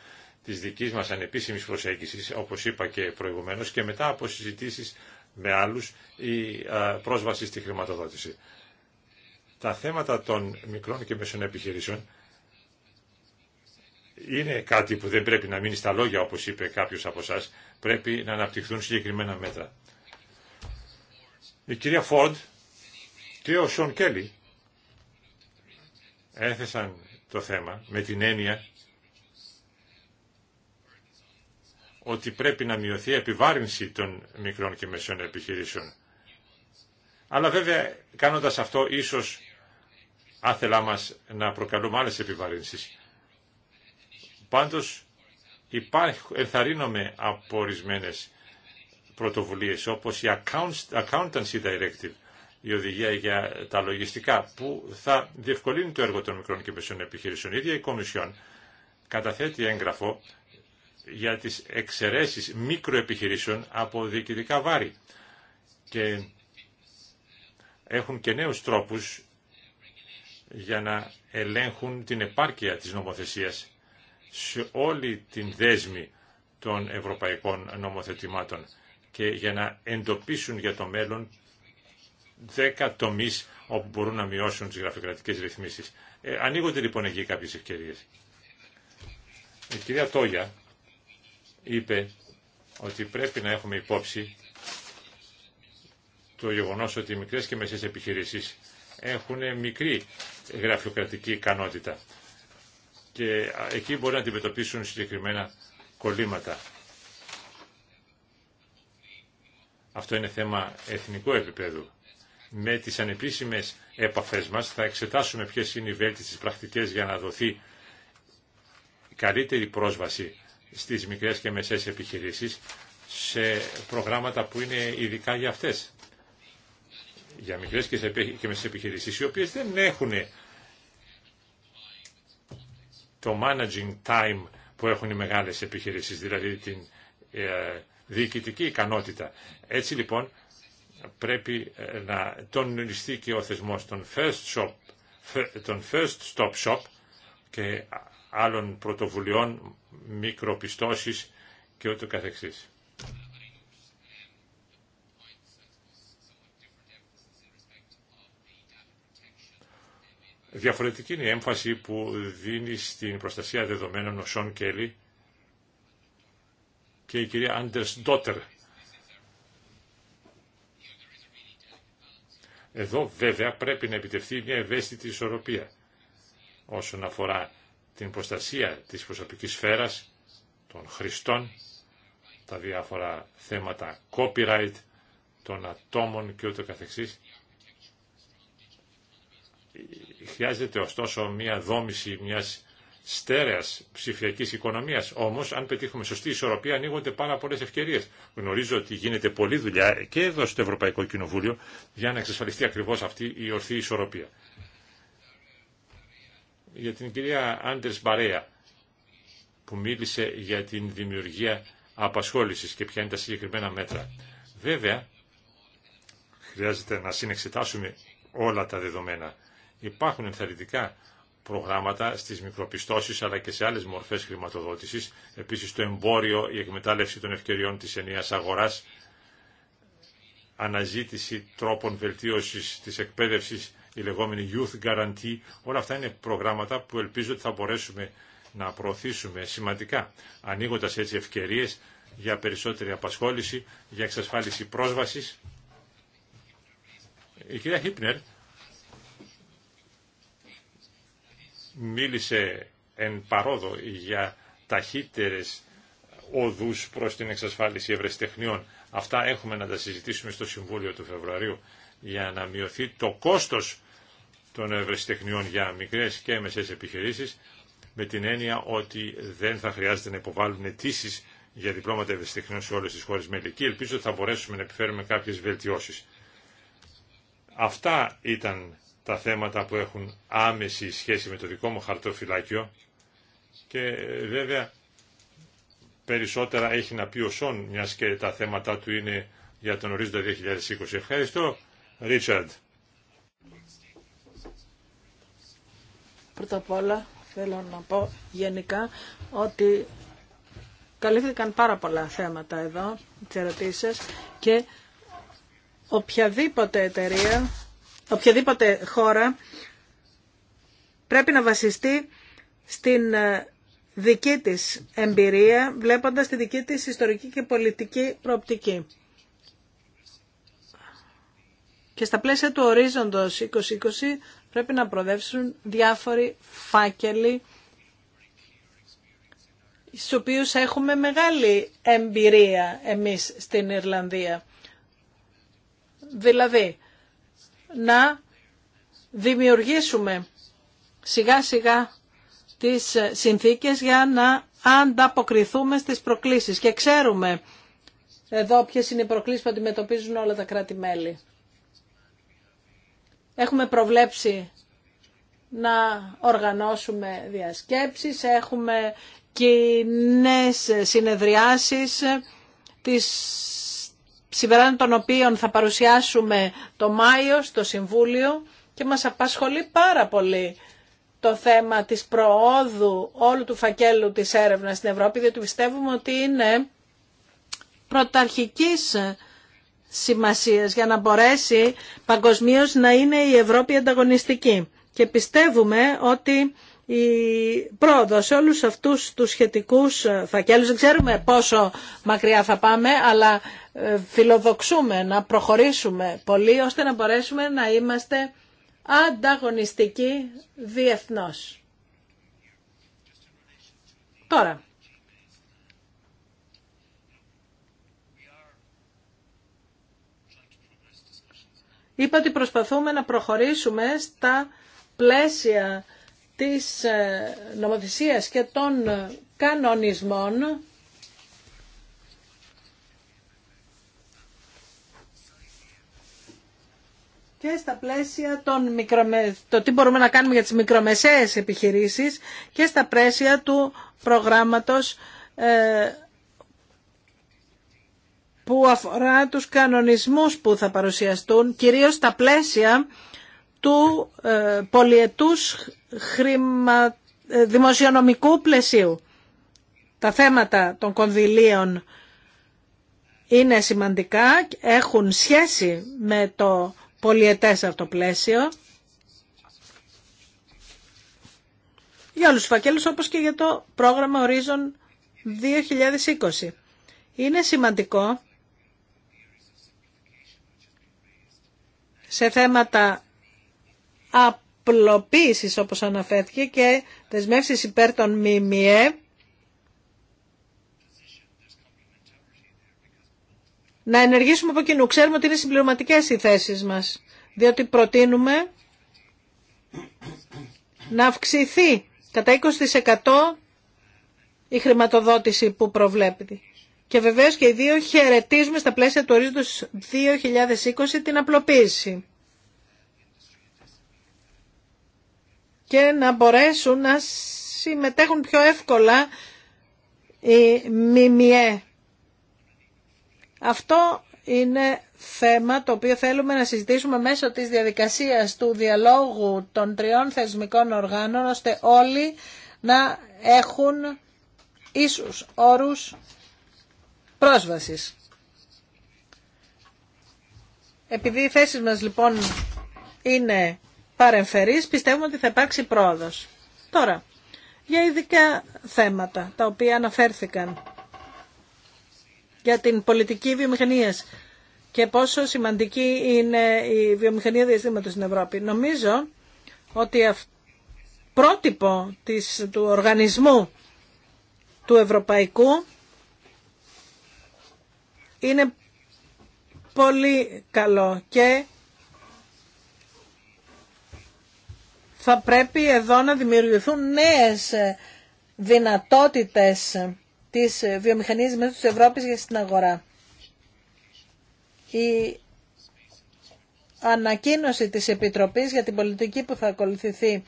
της δικής μας ανεπίσημης προσέγγισης, όπως είπα και προηγουμένως, και μετά από συζητήσεις με άλλους η πρόσβαση στη χρηματοδότηση. Τα θέματα των μικρών και μεσών επιχειρήσεων είναι κάτι που δεν πρέπει να μείνει στα λόγια όπως είπε κάποιος από εσά. Πρέπει να αναπτυχθούν συγκεκριμένα μέτρα. Η κυρία Φόρντ και ο Σον Κέλλη έθεσαν το θέμα με την έννοια ότι πρέπει να μειωθεί η επιβάρυνση των μικρών και μεσών επιχειρήσεων. Αλλά βέβαια κάνοντας αυτό ίσως άθελά μας να προκαλούμε άλλες επιβαρύνσεις. Πάντως υπάρχουν, ενθαρρύνομαι από ορισμένε πρωτοβουλίες όπως η Accountancy Directive, η οδηγία για τα λογιστικά, που θα διευκολύνει το έργο των μικρών και μεσών επιχειρήσεων. Η ίδια η Κομισιόν καταθέτει έγγραφο για τις εξαιρέσεις μικροεπιχειρήσεων από διοικητικά βάρη και έχουν και νέους τρόπους για να ελέγχουν την επάρκεια της νομοθεσίας σε όλη την δέσμη των ευρωπαϊκών νομοθετημάτων και για να εντοπίσουν για το μέλλον 10 τομείς όπου μπορούν να μειώσουν τις γραφειοκρατικές ρυθμίσεις. Ε, ανοίγονται λοιπόν εκεί κάποιες ευκαιρίες. Η κυρία Τόγια είπε ότι πρέπει να έχουμε υπόψη το γεγονός ότι οι μικρές και μεσές επιχειρήσεις έχουν μικρή γραφειοκρατική ικανότητα και εκεί μπορεί να αντιμετωπίσουν συγκεκριμένα κολλήματα. Αυτό είναι θέμα εθνικού επίπεδου. Με τις ανεπίσημες επαφές μας θα εξετάσουμε ποιες είναι οι βέλτιστες πρακτικές για να δοθεί καλύτερη πρόσβαση στις μικρές και μεσές επιχειρήσεις σε προγράμματα που είναι ειδικά για αυτές. Για μικρές και μεσές επιχειρήσεις οι οποίες δεν έχουν το managing time που έχουν οι μεγάλες επιχειρήσεις, δηλαδή την ε, διοικητική ικανότητα. Έτσι λοιπόν πρέπει ε, να τονιστεί και ο θεσμός των first, shop, των first stop shop και άλλων πρωτοβουλειών, μικροπιστώσεις και ούτω καθεξής. Διαφορετική είναι η έμφαση που δίνει στην προστασία δεδομένων ο Σον Κέλλη και η κυρία Άντερς Ντότερ. Εδώ βέβαια πρέπει να επιτευχθεί μια ευαίσθητη ισορροπία όσον αφορά την προστασία της προσωπικής σφαίρας, των χρηστών, τα διάφορα θέματα copyright των ατόμων και ούτω καθεξής Χρειάζεται ωστόσο μια δόμηση μιας στέρεας ψηφιακής οικονομίας. Όμως, αν πετύχουμε σωστή ισορροπία, ανοίγονται πάρα πολλέ ευκαιρίες. Γνωρίζω ότι γίνεται πολλή δουλειά και εδώ στο Ευρωπαϊκό Κοινοβούλιο για να εξασφαλιστεί ακριβώς αυτή η ορθή ισορροπία. Για την κυρία Άντερς Μπαρέα, που μίλησε για την δημιουργία απασχόλησης και ποια είναι τα συγκεκριμένα μέτρα. Βέβαια, χρειάζεται να συνεξετάσουμε όλα τα δεδομένα. Υπάρχουν ενθαρρυντικά προγράμματα στις μικροπιστώσεις αλλά και σε άλλες μορφές χρηματοδότησης. Επίσης το εμπόριο, η εκμετάλλευση των ευκαιριών της ενιαίας αγοράς, αναζήτηση τρόπων βελτίωσης της εκπαίδευσης, η λεγόμενη Youth Guarantee. Όλα αυτά είναι προγράμματα που ελπίζω ότι θα μπορέσουμε να προωθήσουμε σημαντικά, ανοίγοντας έτσι ευκαιρίες για περισσότερη απασχόληση, για εξασφάλιση πρόσβασης. Η κυρία Χίπνερ μίλησε εν παρόδο για ταχύτερες οδούς προς την εξασφάλιση ευρεσιτεχνιών. Αυτά έχουμε να τα συζητήσουμε στο Συμβούλιο του Φεβρουαρίου για να μειωθεί το κόστος των ευρεσιτεχνιών για μικρές και μεσές επιχειρήσεις με την έννοια ότι δεν θα χρειάζεται να υποβάλουν αιτήσει για διπλώματα ευρεσιτεχνιών σε όλες τις χώρες με ελπίζω ότι θα μπορέσουμε να επιφέρουμε κάποιες βελτιώσεις. Αυτά ήταν τα θέματα που έχουν άμεση σχέση με το δικό μου χαρτοφυλάκιο και βέβαια περισσότερα έχει να πει ο Σον, μιας και τα θέματα του είναι για τον ορίζοντα 2020. Ευχαριστώ, Ρίτσαρντ. Πρώτα απ' όλα θέλω να πω γενικά ότι καλύφθηκαν πάρα πολλά θέματα εδώ, τις ερωτήσεις και οποιαδήποτε εταιρεία οποιαδήποτε χώρα πρέπει να βασιστεί στην ε, δική της εμπειρία, βλέποντας τη δική της ιστορική και πολιτική προοπτική. Και στα πλαίσια του ορίζοντος 2020 πρέπει να προδεύσουν διάφοροι φάκελοι στους οποίους έχουμε μεγάλη εμπειρία εμείς στην Ιρλανδία. Δηλαδή, να δημιουργήσουμε σιγά σιγά τις συνθήκες για να ανταποκριθούμε στις προκλήσεις. Και ξέρουμε εδώ ποιες είναι οι προκλήσεις που αντιμετωπίζουν όλα τα κράτη-μέλη. Έχουμε προβλέψει να οργανώσουμε διασκέψεις, έχουμε κοινέ συνεδριάσεις τις συμπεράσματα των οποίων θα παρουσιάσουμε το Μάιο στο Συμβούλιο και μας απασχολεί πάρα πολύ το θέμα της προόδου όλου του φακέλου της έρευνας στην Ευρώπη, διότι πιστεύουμε ότι είναι πρωταρχικής σημασίας για να μπορέσει παγκοσμίως να είναι η Ευρώπη ανταγωνιστική. Και πιστεύουμε ότι η πρόοδο σε όλους αυτούς τους σχετικούς ε, φακέλου. Δεν ξέρουμε πόσο μακριά θα πάμε, αλλά ε, φιλοδοξούμε να προχωρήσουμε πολύ ώστε να μπορέσουμε να είμαστε ανταγωνιστικοί διεθνώς. Τώρα, είπα ότι προσπαθούμε να προχωρήσουμε στα πλαίσια της ε, νομοθεσίας και των ε, κανονισμών και στα πλαίσια των μικρομε... το τι μπορούμε να κάνουμε για τις μικρομεσαίες επιχειρήσεις και στα πλαίσια του προγράμματος ε, που αφορά τους κανονισμούς που θα παρουσιαστούν, κυρίως στα πλαίσια του ε, πολιετούς χρημα... Ε, δημοσιονομικού πλαισίου. Τα θέματα των κονδυλίων είναι σημαντικά, έχουν σχέση με το πολιετές αυτό πλαίσιο. Για όλους τους φακέλους όπως και για το πρόγραμμα Horizon 2020. Είναι σημαντικό σε θέματα απλοποίησης όπως αναφέρθηκε και δεσμεύσεις υπέρ των ΜΜΕ να ενεργήσουμε από κοινού. Ξέρουμε ότι είναι συμπληρωματικές οι θέσεις μας, διότι προτείνουμε να αυξηθεί κατά 20% η χρηματοδότηση που προβλέπεται. Και βεβαίως και οι δύο χαιρετίζουμε στα πλαίσια του ορίζοντος 2020 την απλοποίηση. και να μπορέσουν να συμμετέχουν πιο εύκολα οι μιμιέ. Αυτό είναι θέμα το οποίο θέλουμε να συζητήσουμε μέσω της διαδικασίας του διαλόγου των τριών θεσμικών οργάνων ώστε όλοι να έχουν ίσους όρους πρόσβασης. Επειδή οι θέσεις μας λοιπόν είναι παρεμφερείς πιστεύουμε ότι θα υπάρξει πρόοδος. Τώρα, για ειδικά θέματα τα οποία αναφέρθηκαν για την πολιτική βιομηχανίας και πόσο σημαντική είναι η βιομηχανία διαστήματος στην Ευρώπη. Νομίζω ότι αυτό πρότυπο της, του οργανισμού του Ευρωπαϊκού είναι πολύ καλό και θα πρέπει εδώ να δημιουργηθούν νέες ε, δυνατότητες της ε, βιομηχανίας μέσα της Ευρώπης για την αγορά. Η ανακοίνωση της Επιτροπής για την πολιτική που θα ακολουθηθεί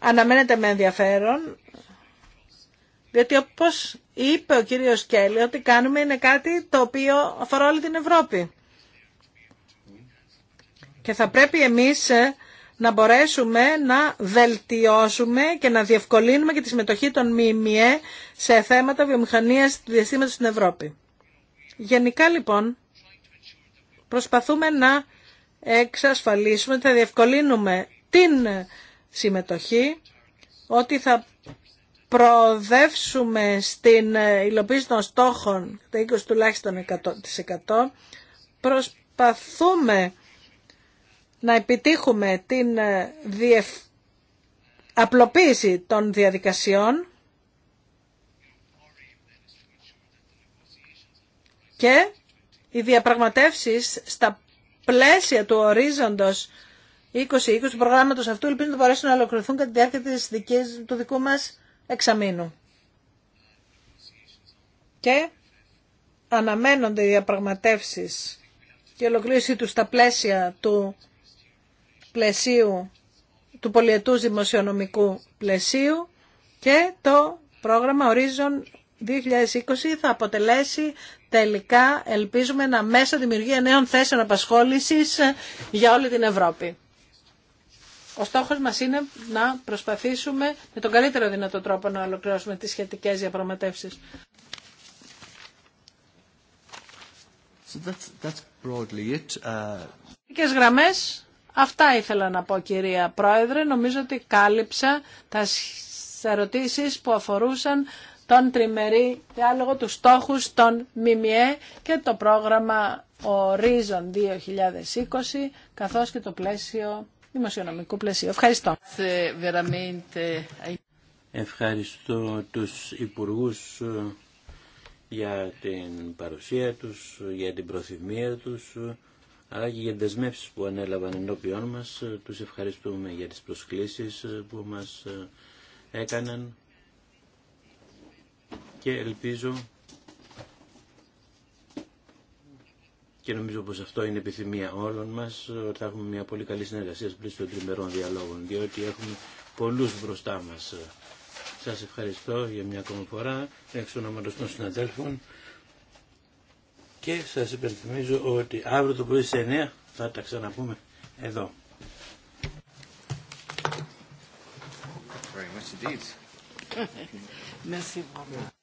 αναμένεται με ενδιαφέρον, διότι όπως είπε ο κύριος Κέλλη, ότι κάνουμε είναι κάτι το οποίο αφορά όλη την Ευρώπη. Και θα πρέπει εμείς ε, να μπορέσουμε να βελτιώσουμε και να διευκολύνουμε και τη συμμετοχή των ΜΜΕ σε θέματα βιομηχανίας του διαστήματος στην Ευρώπη. Γενικά λοιπόν προσπαθούμε να εξασφαλίσουμε ότι θα διευκολύνουμε την συμμετοχή, ότι θα προοδεύσουμε στην υλοποίηση των στόχων, τα 20 τουλάχιστον 100%, προσπαθούμε να επιτύχουμε την ε, διευ... απλοποίηση των διαδικασιών και οι διαπραγματεύσεις στα πλαίσια του ορίζοντος 2020 του προγράμματος αυτού ελπίζω να μπορέσουν να ολοκληρωθούν κατά τη διάρκεια της δικής, του δικού μας εξαμήνου. Και αναμένονται οι διαπραγματεύσεις και η ολοκλήρωση του στα πλαίσια του πλαισίου, του πολιετούς δημοσιονομικού πλαισίου και το πρόγραμμα Horizon 2020 θα αποτελέσει τελικά, ελπίζουμε, ένα μέσο δημιουργία νέων θέσεων απασχόλησης για όλη την Ευρώπη. Ο στόχος μας είναι να προσπαθήσουμε με τον καλύτερο δυνατό τρόπο να ολοκληρώσουμε τις σχετικές διαπραγματεύσεις. So that's, broadly it. Uh, Αυτά ήθελα να πω κυρία Πρόεδρε. Νομίζω ότι κάλυψα τα ερωτήσεις που αφορούσαν τον τριμερή διάλογο, του στόχους των ΜΜΕ και το πρόγραμμα Horizon 2020 καθώς και το πλαίσιο δημοσιονομικού πλαίσιο. Ευχαριστώ. Ευχαριστώ τους Υπουργούς ε, για την παρουσία τους, ε, για την προθυμία τους. Ε, αλλά και για τις που ανέλαβαν ενώπιόν μας. Ε, τους ευχαριστούμε για τις προσκλήσει ε, που μας ε, έκαναν και ελπίζω και νομίζω πως αυτό είναι επιθυμία όλων μας ότι θα έχουμε μια πολύ καλή συνεργασία πλήρω των τριμερών διαλόγων διότι έχουμε πολλούς μπροστά μας. Σας ευχαριστώ για μια ακόμα φορά έξω ονόματος των συναδέλφων και σας υπενθυμίζω ότι αύριο το πρωί σε 9 θα τα ξαναπούμε εδώ. Merci beaucoup.